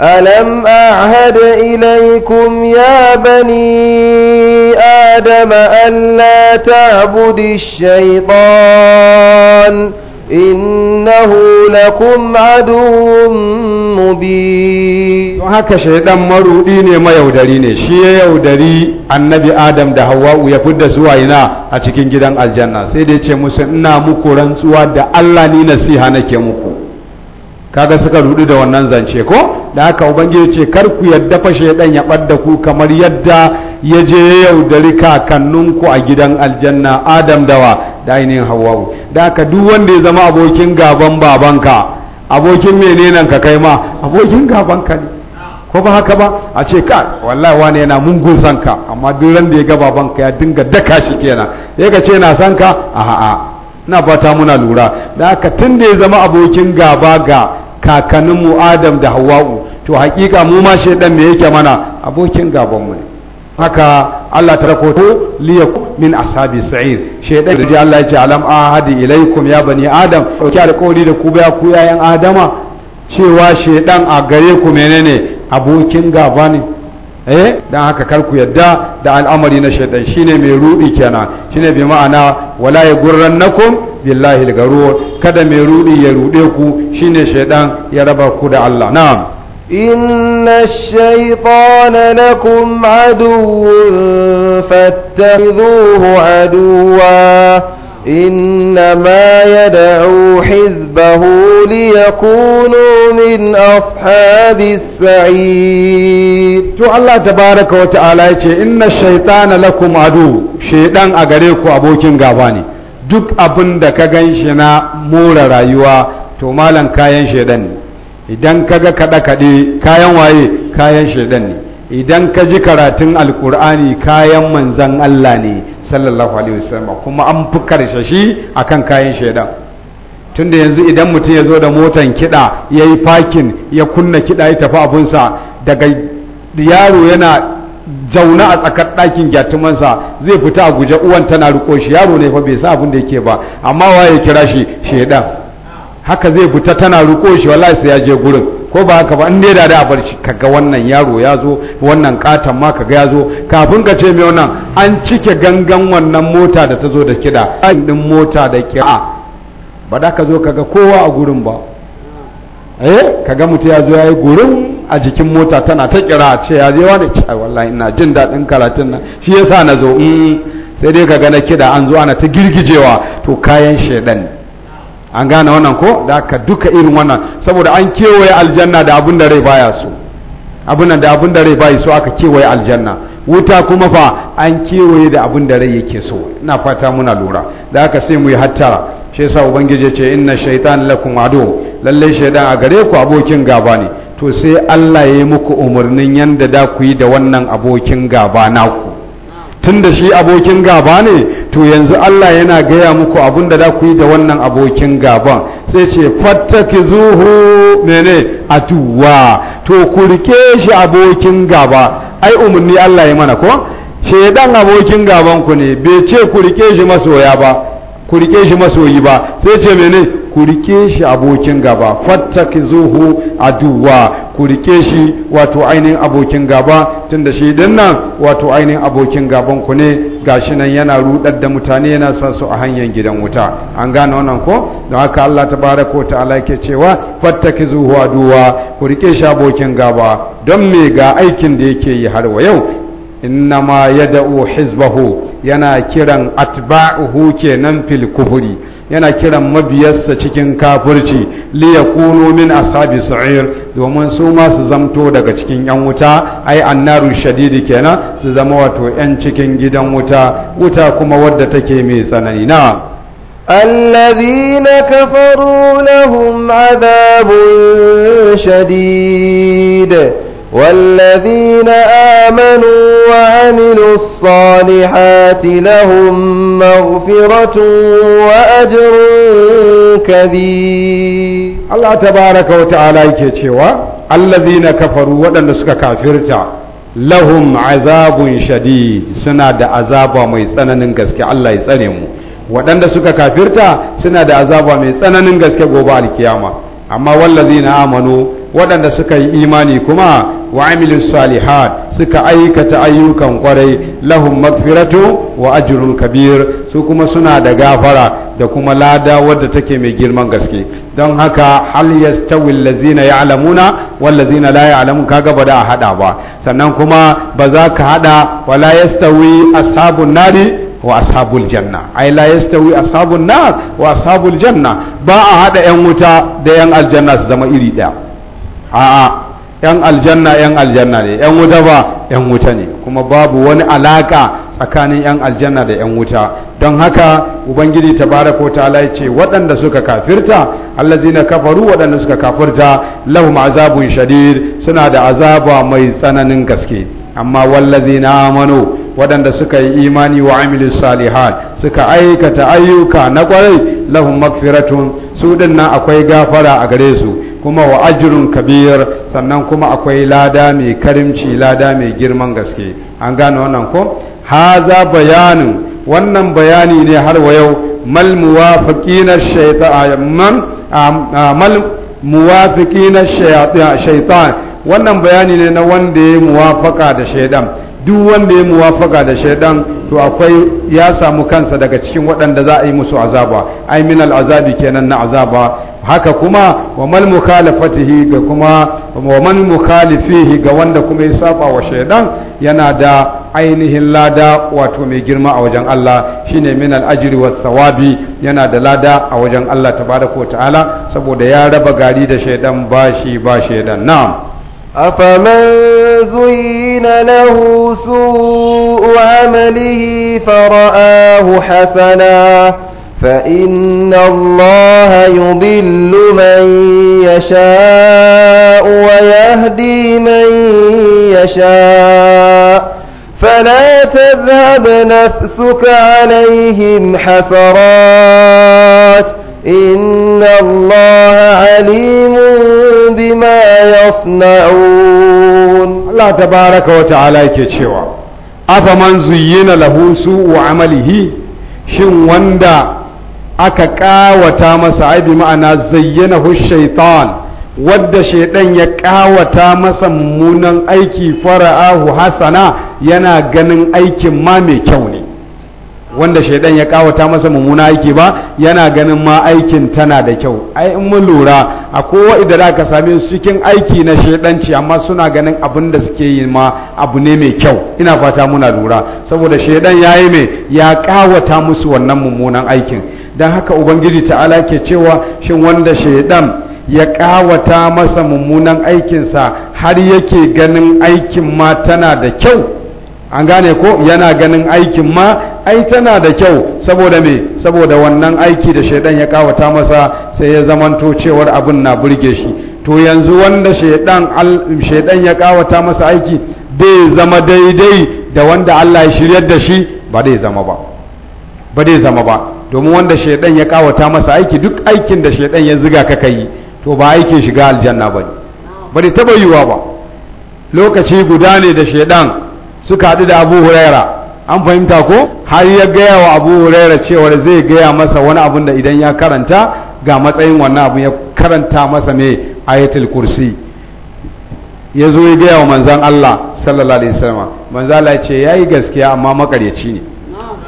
ألم أعهد إليكم يا بني آدم ألا تعبد الشيطان إنه لكم عدو مبين haka shaidan marudi ne mayaudari ne shi ya yaudari annabi adam da hawa'u ya da zuwa ina a cikin gidan aljanna sai dai ce musu ina muku rantsuwa da allah ni nasiha nake muku kaga suka rudu da wannan zance ko da haka ubangiji ce kar ku yadda fashe dan ya badda ku kamar yadda ya je ya yaudari ku a gidan aljanna adam dawa da ainihin hawa da haka duk wanda ya zama abokin gaban babanka abokin menene ka kai ma abokin gabanka ne ko ba haka ba a ce ka wallahi wani yana mungun sanka amma duk ran da ya ga babanka ya dinga daka shi kenan sai ka ce na sanka a a na fata muna lura da haka tun da ya zama abokin gaba ga kakanninmu adam da hawa'u to hakika mu ma shaiɗan me yake mana abokin gabanmu ne haka Allah ta rakoto liyaku min ashabi sa'ir shaidan da Allah ya ce alam ahadi ilaikum ya bani adam ki alƙawari da ku ba ku yayan adama cewa shaiɗan a gare ku menene abokin gaba ne eh dan haka kar ku yadda da al'amari na shaidan shine mai ruɗi kenan shine bi ma'ana wala yagurrannakum billahi daga ruwa kada mai rudi ya rude ku shine shaidan ya raba ku da Allah na'am inna ash-shaytana lakum aduwwun fattakhidhuhu aduwwa إنما يدعو حزبه ليكونوا من أصحاب السعير تو الله تبارك وتعالى إن الشيطان لكم عدو شيطان أغريكو أبوكين غاباني duk abin da ka gan shi na more rayuwa to malam kayan shaidan ne idan ka ga kaɗe-kaɗe kayan waye kayan shaidan ne idan ka ji karatun alkur'ani kayan manzan Allah ne sallallahu alaihi wasallam kuma an fi karshe shi akan kayan shaidan tunda yanzu idan mutum ya zo da motan kiɗa ya yi fakin ya kunna kiɗa ya tafi abinsa daga yaro yana zaune a tsakar ɗakin gyatumansa zai fita a guje uwan tana riko shi yaro ne fa bai sa abin da yake ba amma waye kira shi shedan haka zai fita tana riko shi wallahi sai ya je gurin ko ba haka ba in dai da da a bar shi kaga wannan yaro ya zo wannan katan ma kaga ya zo kafin ka ce mai wannan an cike gangan wannan mota da ta zo da kida din mota da kira ba da ka zo kaga kowa a gurin ba eh kaga mutum ya zo ya yi gurin a jikin mota tana ta kira a ce ya je wani cewa wallahi ina jin daɗin karatun nan shi yasa na zo mm, sai dai ka gana kida an zo ana ta girgijewa to kayan shaidan an gane wannan ko da aka duka irin wannan saboda an kewaye aljanna da abin da rai baya so abin da abin da rai baya so aka kewaye aljanna wuta kuma fa an kewaye da abin da rai yake so ina fata muna lura da aka sai mu yi hattara shi yasa ubangiji ce inna shaitan lakum adu lalle shaidan a gare ku abokin gaba ne to sai Allah ya yi muku umarnin yadda da ku yi da wannan abokin gaba naku tun da shi abokin gaba ne to yanzu Allah yana gaya muku abin da da ku yi da wannan abokin gaban sai ce fattaki zuhu mene atuwa to ku rike shi abokin gaba ai umarni Allah ya mana ko dan abokin gaban ku ne bai ce ku rike shi masoya ba ku rike shi masoyi ba sai ce mene ku shi abokin gaba zuhu aduwa ku rike shi wato ainihin abokin gaba tun da shi dinnan wato ainihin abokin gaban ku ne gashi nan yana rudar da mutane yana sa su a hanyar gidan wuta an gane wannan ko don haka Allah ta tabaraka ta ta yake cewa zuhu aduwa ku shi abokin gaba don me ga aikin da yake yi har wa yau innama yada'u hizbahu yana kiran atba'uhu kenan fil kufuri yana kiran mabiyarsa cikin kafurci, liya kuno min ashabi sa'ir domin su ma su zamto daga cikin yan wuta ai annaru shadidi kenan su zama wato yan cikin gidan wuta wuta kuma wadda take mai tsanani na الذين kafaru lahum adabun شديد والذين آمنوا وعملوا الصالحات لهم مغفرة وأجر كبير الله تبارك وتعالى يكتشوا الذين كفروا ودن سكا كافرتا لهم عذاب شديد سنة عذاب ميسانا ننكسك الله يسلمه ودن سكا كافرتا سنة عذاب ميسانا ننكسك قبال الكيامة أما والذين آمنوا ودن سكا إيماني كما wa amilu salihat suka aikata ayyukan kwarai lahum magfiratu wa ajrun kabir su kuma suna da gafara da kuma lada wadda take mai girman gaske don haka hal yastawi allazina ya'lamuna wal ladzina la ya'lamun kaga ba da hada ba sannan kuma ba za ka hada wala yastawi ashabun nari wa ashabul janna ai la yastawi ashabun nar wa ashabul janna ba a hada yan wuta da yan aljanna su zama iri daya a'a yan aljanna yan aljanna ne yan wuta ba yan wuta ne kuma babu wani alaka tsakanin yan aljanna da yan wuta don haka ubangiji tabaraka ta'ala ta laice waɗanda suka kafirta allazina kafaru waɗanda suka kafirta lahum azabun shadid suna da azaba mai tsananin gaske amma wallazina amanu waɗanda suka yi imani wa amilu salihan suka aikata ayyuka na kwarai lahum magfiratun su dinnan akwai gafara a gare su kuma wa ajrun kabir sannan kuma akwai lada mai karimci lada mai girman gaske an gane wannan ko haza bayanin wannan bayani ne har wa yau mal na shaytan wannan bayani ne na wanda ya muwafaka da shaidan duk wanda ya muwafaka da shaidan to akwai ya samu kansa daga cikin waɗanda za a yi musu azaba ai min azabi kenan na azaba haka kuma wa mal mukhalafatihi ga kuma wa man mukhalifihi ga wanda kuma ya saba wa shaydan yana da ainihin lada wato mai girma a wajen Allah shine min al-ajri was sawabi yana da lada a wajen Allah tabaraka wa ta'ala saboda ya raba gari da shaydan bashi ba shaydan na'am أفمن زين له سوء عمله فرآه حسناً فإن الله يضل من يشاء ويهدي من يشاء فلا تذهب نفسك عليهم حسرات إن الله عليم بما يصنعون الله تبارك وتعالى كتشوى أفمن زين له سوء عمله شن وندا aka ƙawata masa aibi ma'ana zayyana shaitan wadda shaidan ya ƙawata masa munan aiki fara'ahu hasana yana ganin aikin ma mai kyau ne wanda shaidan ya kawata masa mummuna aiki ba yana ganin ma aikin tana da kyau ai in mun lura a kowa idan da aka same su cikin aiki na shaidanci amma suna ganin abin da suke yi ma abu ne mai kyau ina fata muna lura saboda shaidan ya yi mai ya kawata musu wannan mummunan aikin don haka ubangiji ta'ala ke cewa shin wanda shaidan ya kawata masa mummunan aikinsa har yake ganin aikin ma tana da kyau an gane ko yana ganin aikin ma ai tana da kyau saboda me saboda wannan aiki da shaidan ya kawata masa sai ya zamanto cewar abin na burge shi to yanzu wanda shaidan ya kawata masa aiki bai zama daidai da wanda Allah ya shiryar da shi ba zama zama ba domin wanda shaidan ya kawata masa aiki duk aikin da shaidan ya ziga ka kai to ba aikin shiga aljanna ba ne bari taba yiwa ba lokaci guda ne da shaidan suka haɗu da abu huraira an fahimta ko har ya gaya wa abu huraira cewar zai gaya masa wani abun da idan ya karanta ga matsayin wannan abu ya karanta masa ne ayatul kursi ya zo ya gaya wa manzan Allah sallallahu alaihi wasallam manzan Allah ya ce yayi gaskiya amma makaryaci ne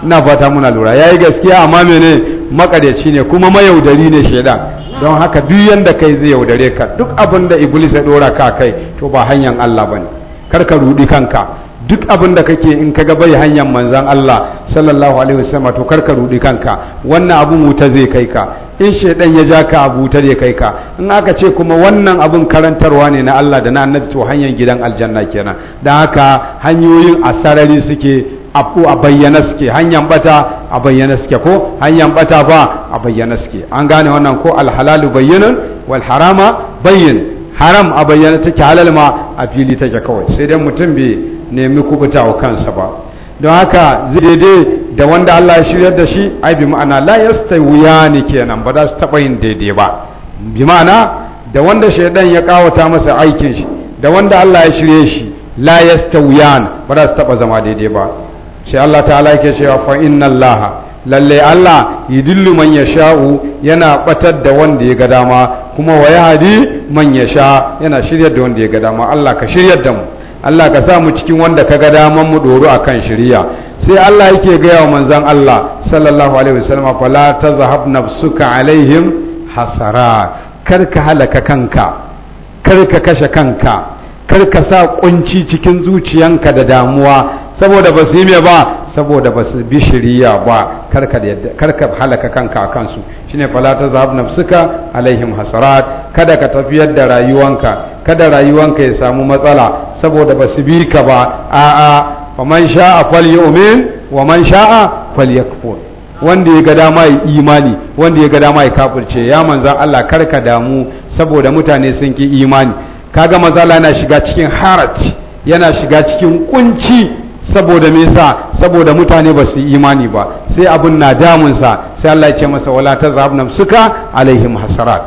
ina fata muna lura ya yi gaskiya amma mene makaryaci ne kuma mayaudari ne shaidan don haka duk yadda kai zai yaudare ka duk abin da iblis ya dora ka kai to ba hanyar Allah bane kar ka rudi kanka duk abin da kake in ka ga bai hanyar manzan Allah sallallahu alaihi wasallam to kar ka rudi kanka wannan abun wuta zai kai ka in shaidan ya ja ka abu wuta zai kai ka in aka ce kuma wannan abin karantarwa ne na Allah da na annabi to hanyar gidan aljanna kenan don haka hanyoyin a sarari suke a bayyana suke hanyar bata a bayyana suke ko hanyar bata ba a bayyana suke an gane wannan ko alhalalu bayyanan wal harama bayyin haram a bayyana take halal ma a fili take kawai sai dai mutum bai nemi kubuta wa kansa ba don haka daidai da wanda Allah ya shiryar da shi ai bi ma'ana la yastawiyani kenan ba za su taba yin daidai ba bi ma'ana da wanda shaidan ya kawata masa aikin shi da wanda Allah ya shirye shi la yastawiyan ba za su taba zama daidai ba sai Allah ta'ala yake cewa fa inna Allah lalle Allah yidillu man yasha'u yana batar da wanda ya ga dama kuma wa yahdi man yasha yana shiryar da wanda ya ga dama Allah ka shiryar da mu Allah ka sa mu cikin wanda ka ga daman mu doro akan shiriya sai Allah yake gaya wa manzon Allah sallallahu alaihi wasallam fala tazhab nafsuka alaihim hasara kar ka halaka kanka karka kashe kanka kar ka sa kunci cikin zuciyanka da damuwa saboda ba su yi me ba saboda ba su bi shiriya ba karka halaka kanka a kansu ne fala ta na suka alaihim hasarat kada ka tafiyar da rayuwanka kada rayuwanka ya samu matsala saboda ba su bi ka ba a'a man sha'a fal falyu'min wa man sha'a fal kufo wanda ya ga dama ya imani wanda ya ga dama ya kafirce ya manzan Allah karka damu saboda mutane sun ki imani kaga mazala na shiga cikin harat yana shiga cikin kunci saboda me yasa saboda mutane ba su imani ba sai abun na damunsa sai Allah ya ce masa wala tazabnam suka alaihim hasarat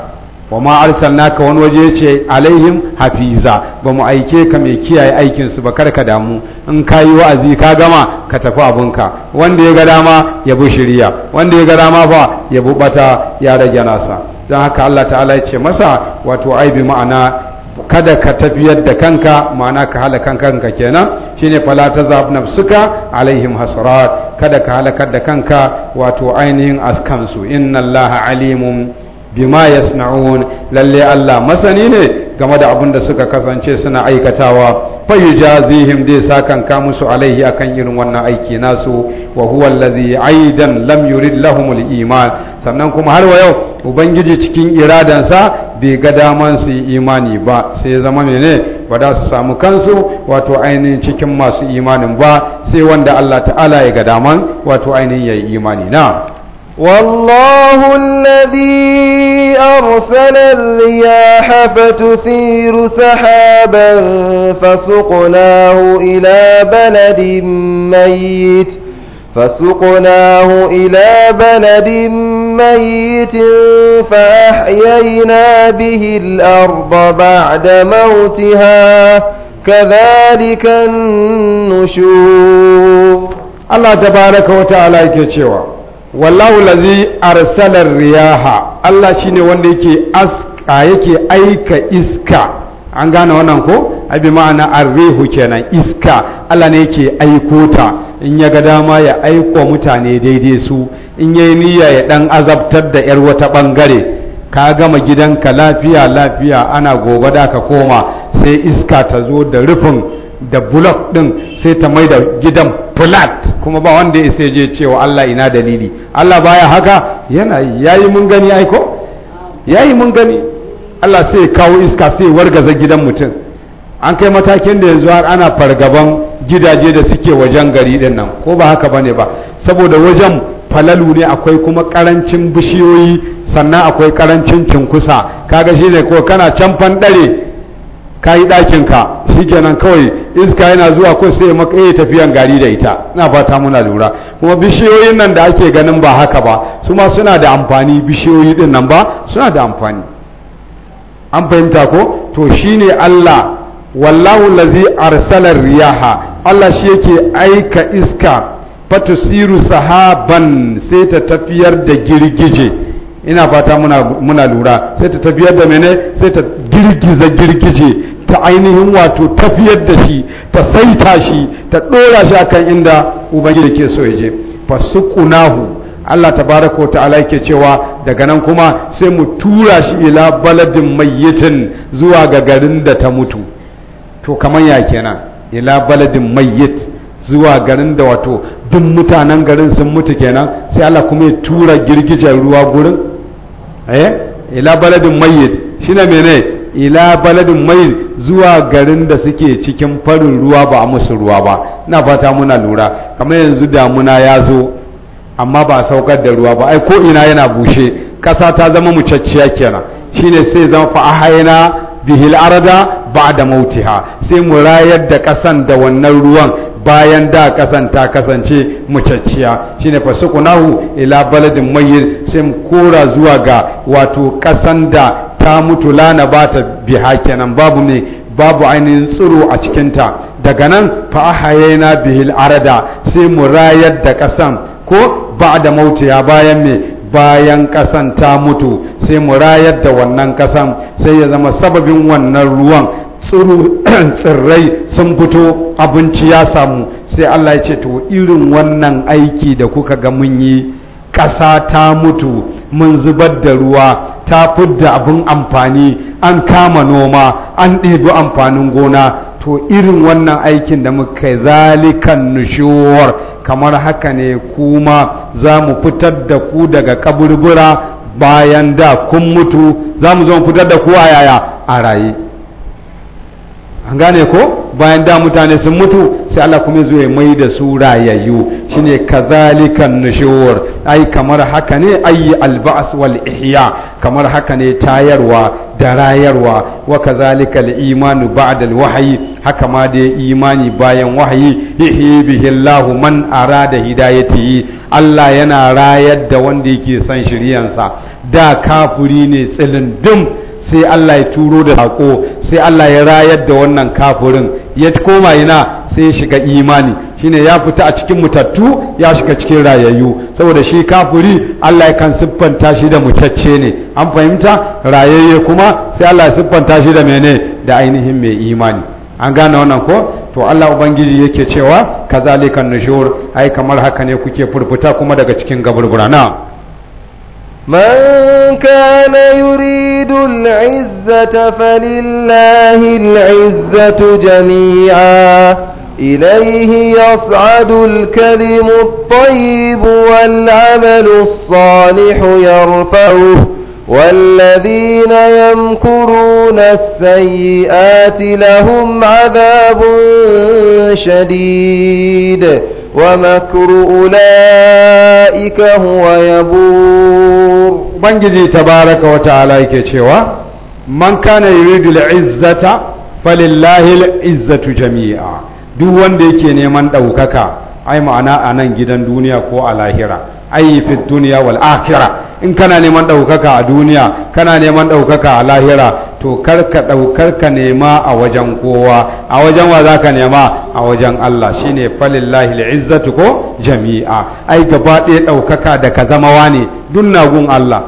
wa ma arsalnaka wani waje ce alaihim hafiza ba mu aike ka mai kiyaye aikin su ba kar ka damu in ka yi wa'azi ka gama ka tafi abunka wanda ya ga dama ya bi shiriya wanda ya ga dama fa ya bubata ya rage nasa don haka Allah ta'ala ya ce masa wato ai ma'ana kada ka tafiyar da kanka ma'ana ka halaka kanka kenan shine fala tazab nafsuka alaihim hasrat kada ka halakar da kanka wato ainihin askansu inna allaha alimun bima yasna'un lalle Allah masani ne game da abin da suka kasance suna aikatawa fayujazihim dai sakan ka musu alaihi akan irin wannan aiki nasu wa huwa allazi aidan lam yurid lahumul iman sannan kuma har wa yau ubangiji cikin iradansa bai ga daman su yi imani ba sai zama mene ba da su samu kansu wato ainihin cikin masu imanin ba sai wanda Allah ta'ala ya ga daman wato ainihin ya yi imani na والله الذي أرسل الرياح فتثير سحابا فسقناه إلى بلد ميت فسقناه إلى بلد ميت ميت فأحيينا به الأرض بعد موتها كذلك النشور الله تبارك وتعالى يكتشوا والله الذي أرسل الرياح الله شيني وندي أسك أسكا يكي أيك إسكا an gane wannan ko abi ma'ana arrihu kenan iska Allah ne yake aiko ta in ya ga dama ya aiko mutane daidai su in yayi niyya ya dan azabtar da yar wata bangare ka gama gidanka lafiya lafiya ana gobe da ka koma sai iska ta zo da rufin da bulok din sai ta mai da gidan flat kuma ba wanda ya sai je cewa Allah ina dalili Allah baya haka yana yayi mun gani aiko yayi mun gani Allah sai kawo iska sai wargaza gidan mutum an kai matakin da yanzu har ana fargaban gidaje da suke wajen gari din nan ko ba haka bane ba saboda wajen falalu ne akwai kuma karancin bishiyoyi sannan akwai karancin cinkusa kaga ne ko kana can fanɗare ka yi ɗakinka shi kenan kawai iska yana zuwa ko sai maka iya eh, tafiyan gari da ita na fata muna lura kuma bishiyoyin nan da ake ganin ba haka ba su ma suna da amfani bishiyoyi din nan ba suna da amfani an fahimta ko to shi ne Allah wallahu lazi arsalar riyaha Allah shi yake aika iska fatusiru sahaban sai ta tafiyar da girgije ina fata muna, muna lura sai ta tafiyar da mene sai ta girgiza girgije ta ainihin wato tafiyar da shi ta saita shi ta ɗora shi akan inda ubangiji ke so ya je fasukunahu Allah tabaraka wa ta'ala yake cewa daga nan kuma sai mu tura shi ila baladin mayyitin zuwa ga garin da ta mutu to kamar ya kenan ila baladin mayyit zuwa garin da wato duk mutanen garin sun mutu kenan sai Allah kuma ya tura girgijen ruwa gurin eh ila baladin mayyit shine mene ila baladin mayyit zuwa garin da suke cikin farin ruwa ba a musu ruwa ba ina fata muna lura kamar yanzu damuna ya zo amma ba saukar da ruwa ba ai ko ina yana bushe ƙasa ta zama mucacciya kenan shine sai zama fa ahaina bihil arada ba da mautiha sai mu rayar da ƙasan da wannan ruwan bayan da kasan ta kasance mucacciya shine fasukunahu ila baladin mayyin sai kora zuwa ga wato kasan da ta mutu lana ba ta biha kenan babu ne babu ainihin tsiro a cikinta daga nan na bihil arada sai mu rayar da kasan ko ba da mautiya bayan me bayan kasan ta mutu sai mu rayar da wannan kasan sai ya zama sababin wannan ruwan tsirrai sun fito abinci ya samu sai Allah ya ce to irin wannan aiki da kuka ga mun yi ƙasa ta mutu mun zubar da ruwa ta fidda abin amfani an kama noma an ɗebi amfanin gona to irin wannan aikin da muka zalikan nushuwar kamar haka ne kuma za mu fitar da ku daga kaburbura bayan da kun mutu za mu zo fitar da ku a yaya a raye an gane ko bayan da mutane sun mutu sai Allah kuma zuwa mai da su rayayyu shine kazalikan nushur ai kamar haka ne ayi alba'as wal ihya kamar haka ne tayarwa da rayarwa wa kazalika al imanu ba'da wahyi haka ma da imani bayan wahayi yihi bihi Allah man arada hidayati Allah yana rayar da wanda yake son shiriyansa da kafuri ne tsilin dum sai Allah ya turo da sako sai Allah ya rayar da wannan kafurin ya koma yana sai ya shiga imani shine ya fita a cikin mutattu ya shiga cikin rayayyu saboda shi kafuri Allah kan siffanta shi da mutacce ne an fahimta rayayye kuma sai Allah ya siffanta shi da mene da ainihin mai imani an gane wannan ko to Allah ubangiji yake cewa kazalikan nushur ai kamar haka ne kuke furfuta kuma daga cikin gaburbura من كان يريد العزة فلله العزة جميعا إليه يصعد الكلم الطيب والعمل الصالح يرفعه والذين يمكرون السيئات لهم عذاب شديد ومكر أولئك هو يبور بنجي تبارك وتعالى cewa من كان يريد العزة فلله العزة جميعا duk wanda yake neman ɗaukaka ai ma'ana a nan gidan duniya ko a lahira ai fi duniya wal akhira in kana neman ɗaukaka a duniya kana neman ɗaukaka a lahira to karka ɗaukar ka nema a wajen kowa a wajen wa za nema a wajen Allah shine ne falillahi al'izzatu ko jami'a ai gaba ɗaya ɗaukaka da ka zama wane dun nagun Allah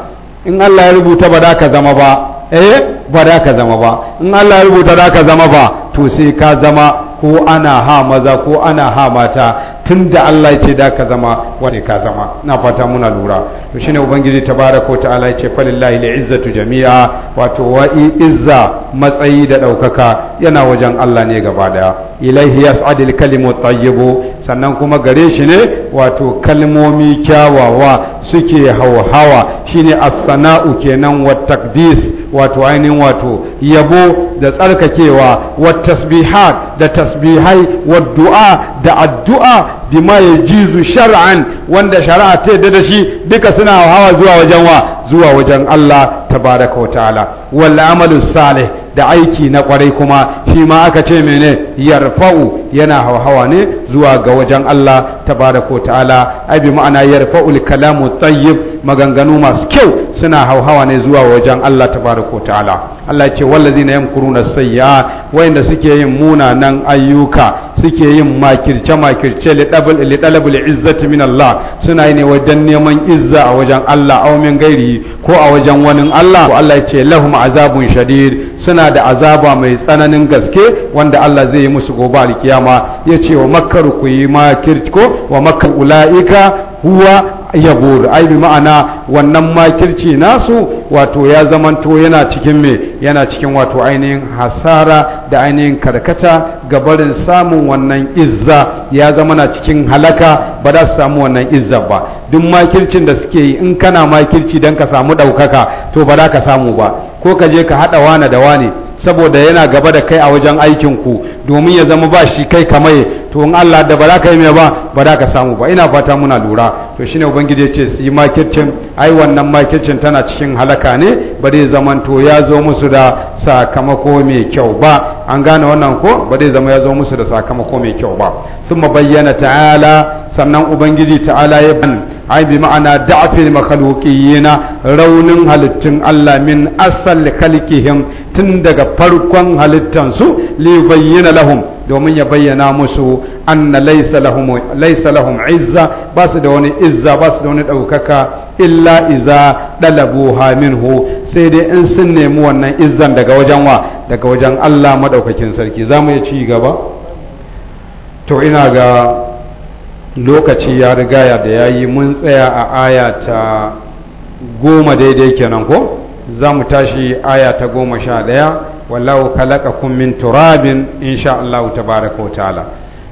in Allah ya rubuta ba da ka zama ba eh ba da ka zama ba in Allah ya rubuta da ka zama ba to sai ka zama ko ana ha maza ko ana ha mata tunda Allah ya ce da ka zama wani ka zama na fata muna lura to shine ubangiji tabaraka ta'ala ya ce falillahi izzatu jami'a wato wa izza matsayi da ɗaukaka yana wajen Allah ne gaba daya ilaihi yas'adul kalimut tayyibu sannan kuma gare shi ne wato kalmomi kyawawa suke hauhawa shine as-sana'u kenan wa taqdis wato ainihin wato yabo da tsarkakewa wa tasbihat da tasbihai wa du'a da addu'a bima ya jizu shar'an wanda shari'a ta yadda da shi duka suna hawa zuwa wajen wa zuwa wajen Allah tabaraka wa ta'ala wal amalu salih da aiki na kwarai kuma shi ma aka ce mene yarfa'u yana hauhawa ne zuwa ga wajen Allah tabaraka ta'ala ai ma'ana yarfa'ul kalamu tayyib maganganu masu kyau suna hauhawa ne zuwa wajen Allah tabaraka ta'ala Allah ce wallazina yamkuruna sayya wayanda suke yin munanan ayyuka suke yin makirce makirce li dalabul izzati min Allah suna yi ne wajen neman izza a wajen Allah aw min gairi ko a wajen wani Allah ko Allah ya ce lahum azabun shadid suna da azaba mai tsananin gaske wanda Allah zai yi musu gobe alkiyama ya ce wa makar ku yi makirko wa makar ula'ika huwa yabur ai bi ma'ana wannan makirci nasu wato ya zamanto yana cikin me yana cikin wato ainihin hasara da ainihin karkata ga barin samun wannan izza ya zama na cikin halaka ba za su samu wannan izza ba duk makircin da suke yi in kana makirci don ka samu ɗaukaka to ba za ka samu ba ko ka je ka haɗa wane da wane saboda yana gaba da kai a wajen aikinku domin ya zama ba shi kai kamar to in Allah da ba za ka yi mai ba ba za ka samu ba ina fata muna lura to shine ubangiji ya ce su yi makircin ai wannan makircin tana cikin halaka ne ba zai to ya zo musu da sakamako mai kyau ba an gane wannan ko ba zai zama ya zo musu da sakamako mai kyau ba sun bayyana ta'ala sannan ubangiji ta'ala ya ban ai bi ma'ana da'afil makhluqiyina raunin halittun Allah min asal khalqihim tun daga farkon halittan su li bayyana lahum domin ya bayyana musu anna laysa lahum laysa lahum izza ba su da wani izza ba da wani daukaka illa iza dalabuha minhu sai dai in sun nemi wannan izzan daga wajen wa daga wajen Allah madaukakin sarki zamu iya ci gaba to ina ga lokaci ya rigaya da yayi mun tsaya a aya ta goma daidai kenan ko za mu tashi aya ta goma sha ɗaya wallahu khalaqakum min turabin insha Allah baraka wa ta'ala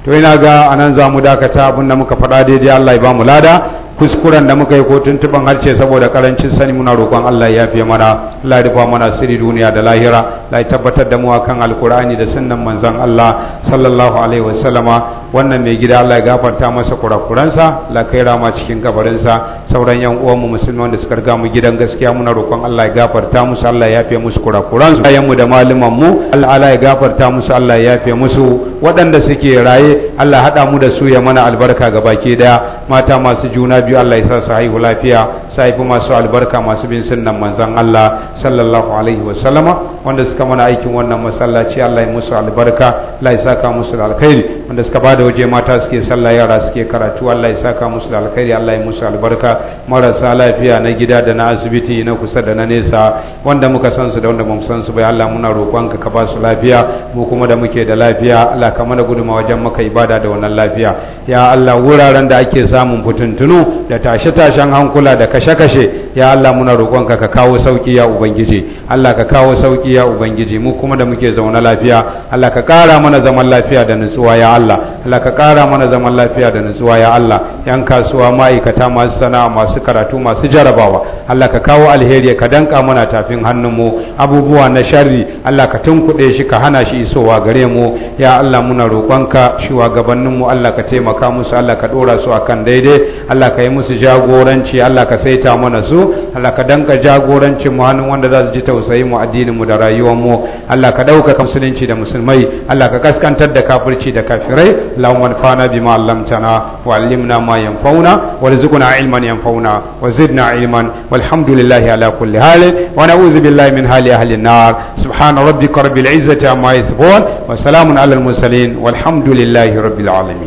to ina ga anan za mu dakata da muka faɗa daidai Allah ya ba mu lada kuskuren da muka yi ko tuntuban harce saboda karancin sani muna roƙon Allah ya fiye mana Allah ya rufa mana sirri duniya da lahira la tabbatar da mu akan alkur'ani da sunnan manzon Allah sallallahu alaihi wasallama wannan mai gida Allah ya gafarta masa kurakuransa la kai rama cikin kabarinsa sauran yan uwan mu musulmi wanda suka riga mu gidan gaskiya muna roƙon Allah ya gafarta musu Allah ya yafe musu kurakuransu ayyan mu da malaman mu Allah ya gafarta musu Allah ya yafe musu waɗanda suke raye Allah hada mu da su ya mana albarka gabaki daya mata masu juna biyu Allah ya sa su haihu lafiya sai masu albarka masu bin sunnan manzon Allah sallallahu alaihi wasallama wanda suka mana aikin wannan masallaci Allah ya musu albarka Allah ya saka musu da alkhairi wanda suka bada waje mata suke sallah yara suke karatu Allah ya saka musu da alkhairi Allah ya musu albarka marasa lafiya na gida da na asibiti na kusa da na nesa wanda muka san su da wanda bamu san su ba Allah muna roƙonka ka ba su lafiya mu kuma da muke da lafiya Allah ka mana guduma wajen maka ibada da wannan lafiya ya Allah wuraren da ake samun fituntunu da tashe-tashen hankula da kashe-kashe ya Allah muna roƙonka ka kawo sauki ya ubangiji Allah ka kawo sauki ya ubangiji ubangiji mu kuma da muke zaune lafiya Allah ka kara mana zaman lafiya da nutsuwa ya Allah Allah ka ƙara mana zaman lafiya da nutsuwa ya Allah yan kasuwa ma'aikata masu sana'a masu karatu masu jarabawa Allah ka kawo alheri ka danka mana tafin mu abubuwa na sharri Allah ka tun tunkuɗe shi ka hana shi isowa gare mu ya Allah muna roƙonka shugabanninmu Allah ka taimaka musu Allah ka ɗora su akan daidai Allah ka yi musu jagoranci Allah ka saita mana su Allah ka danka jagorancin mu hannun wanda za su ji tausayin mu addinin mu da rayuwar mu Allah ka ɗauka musulunci da musulmai Allah ka kaskantar da kafirci da kafirai اللهم انفعنا بما علمتنا وعلمنا ما ينفعنا وارزقنا علما ينفعنا وزدنا علما والحمد لله على كل حال ونعوذ بالله من حال أهل النار سبحان ربك رب العزة عما يصفون وسلام على المرسلين والحمد لله رب العالمين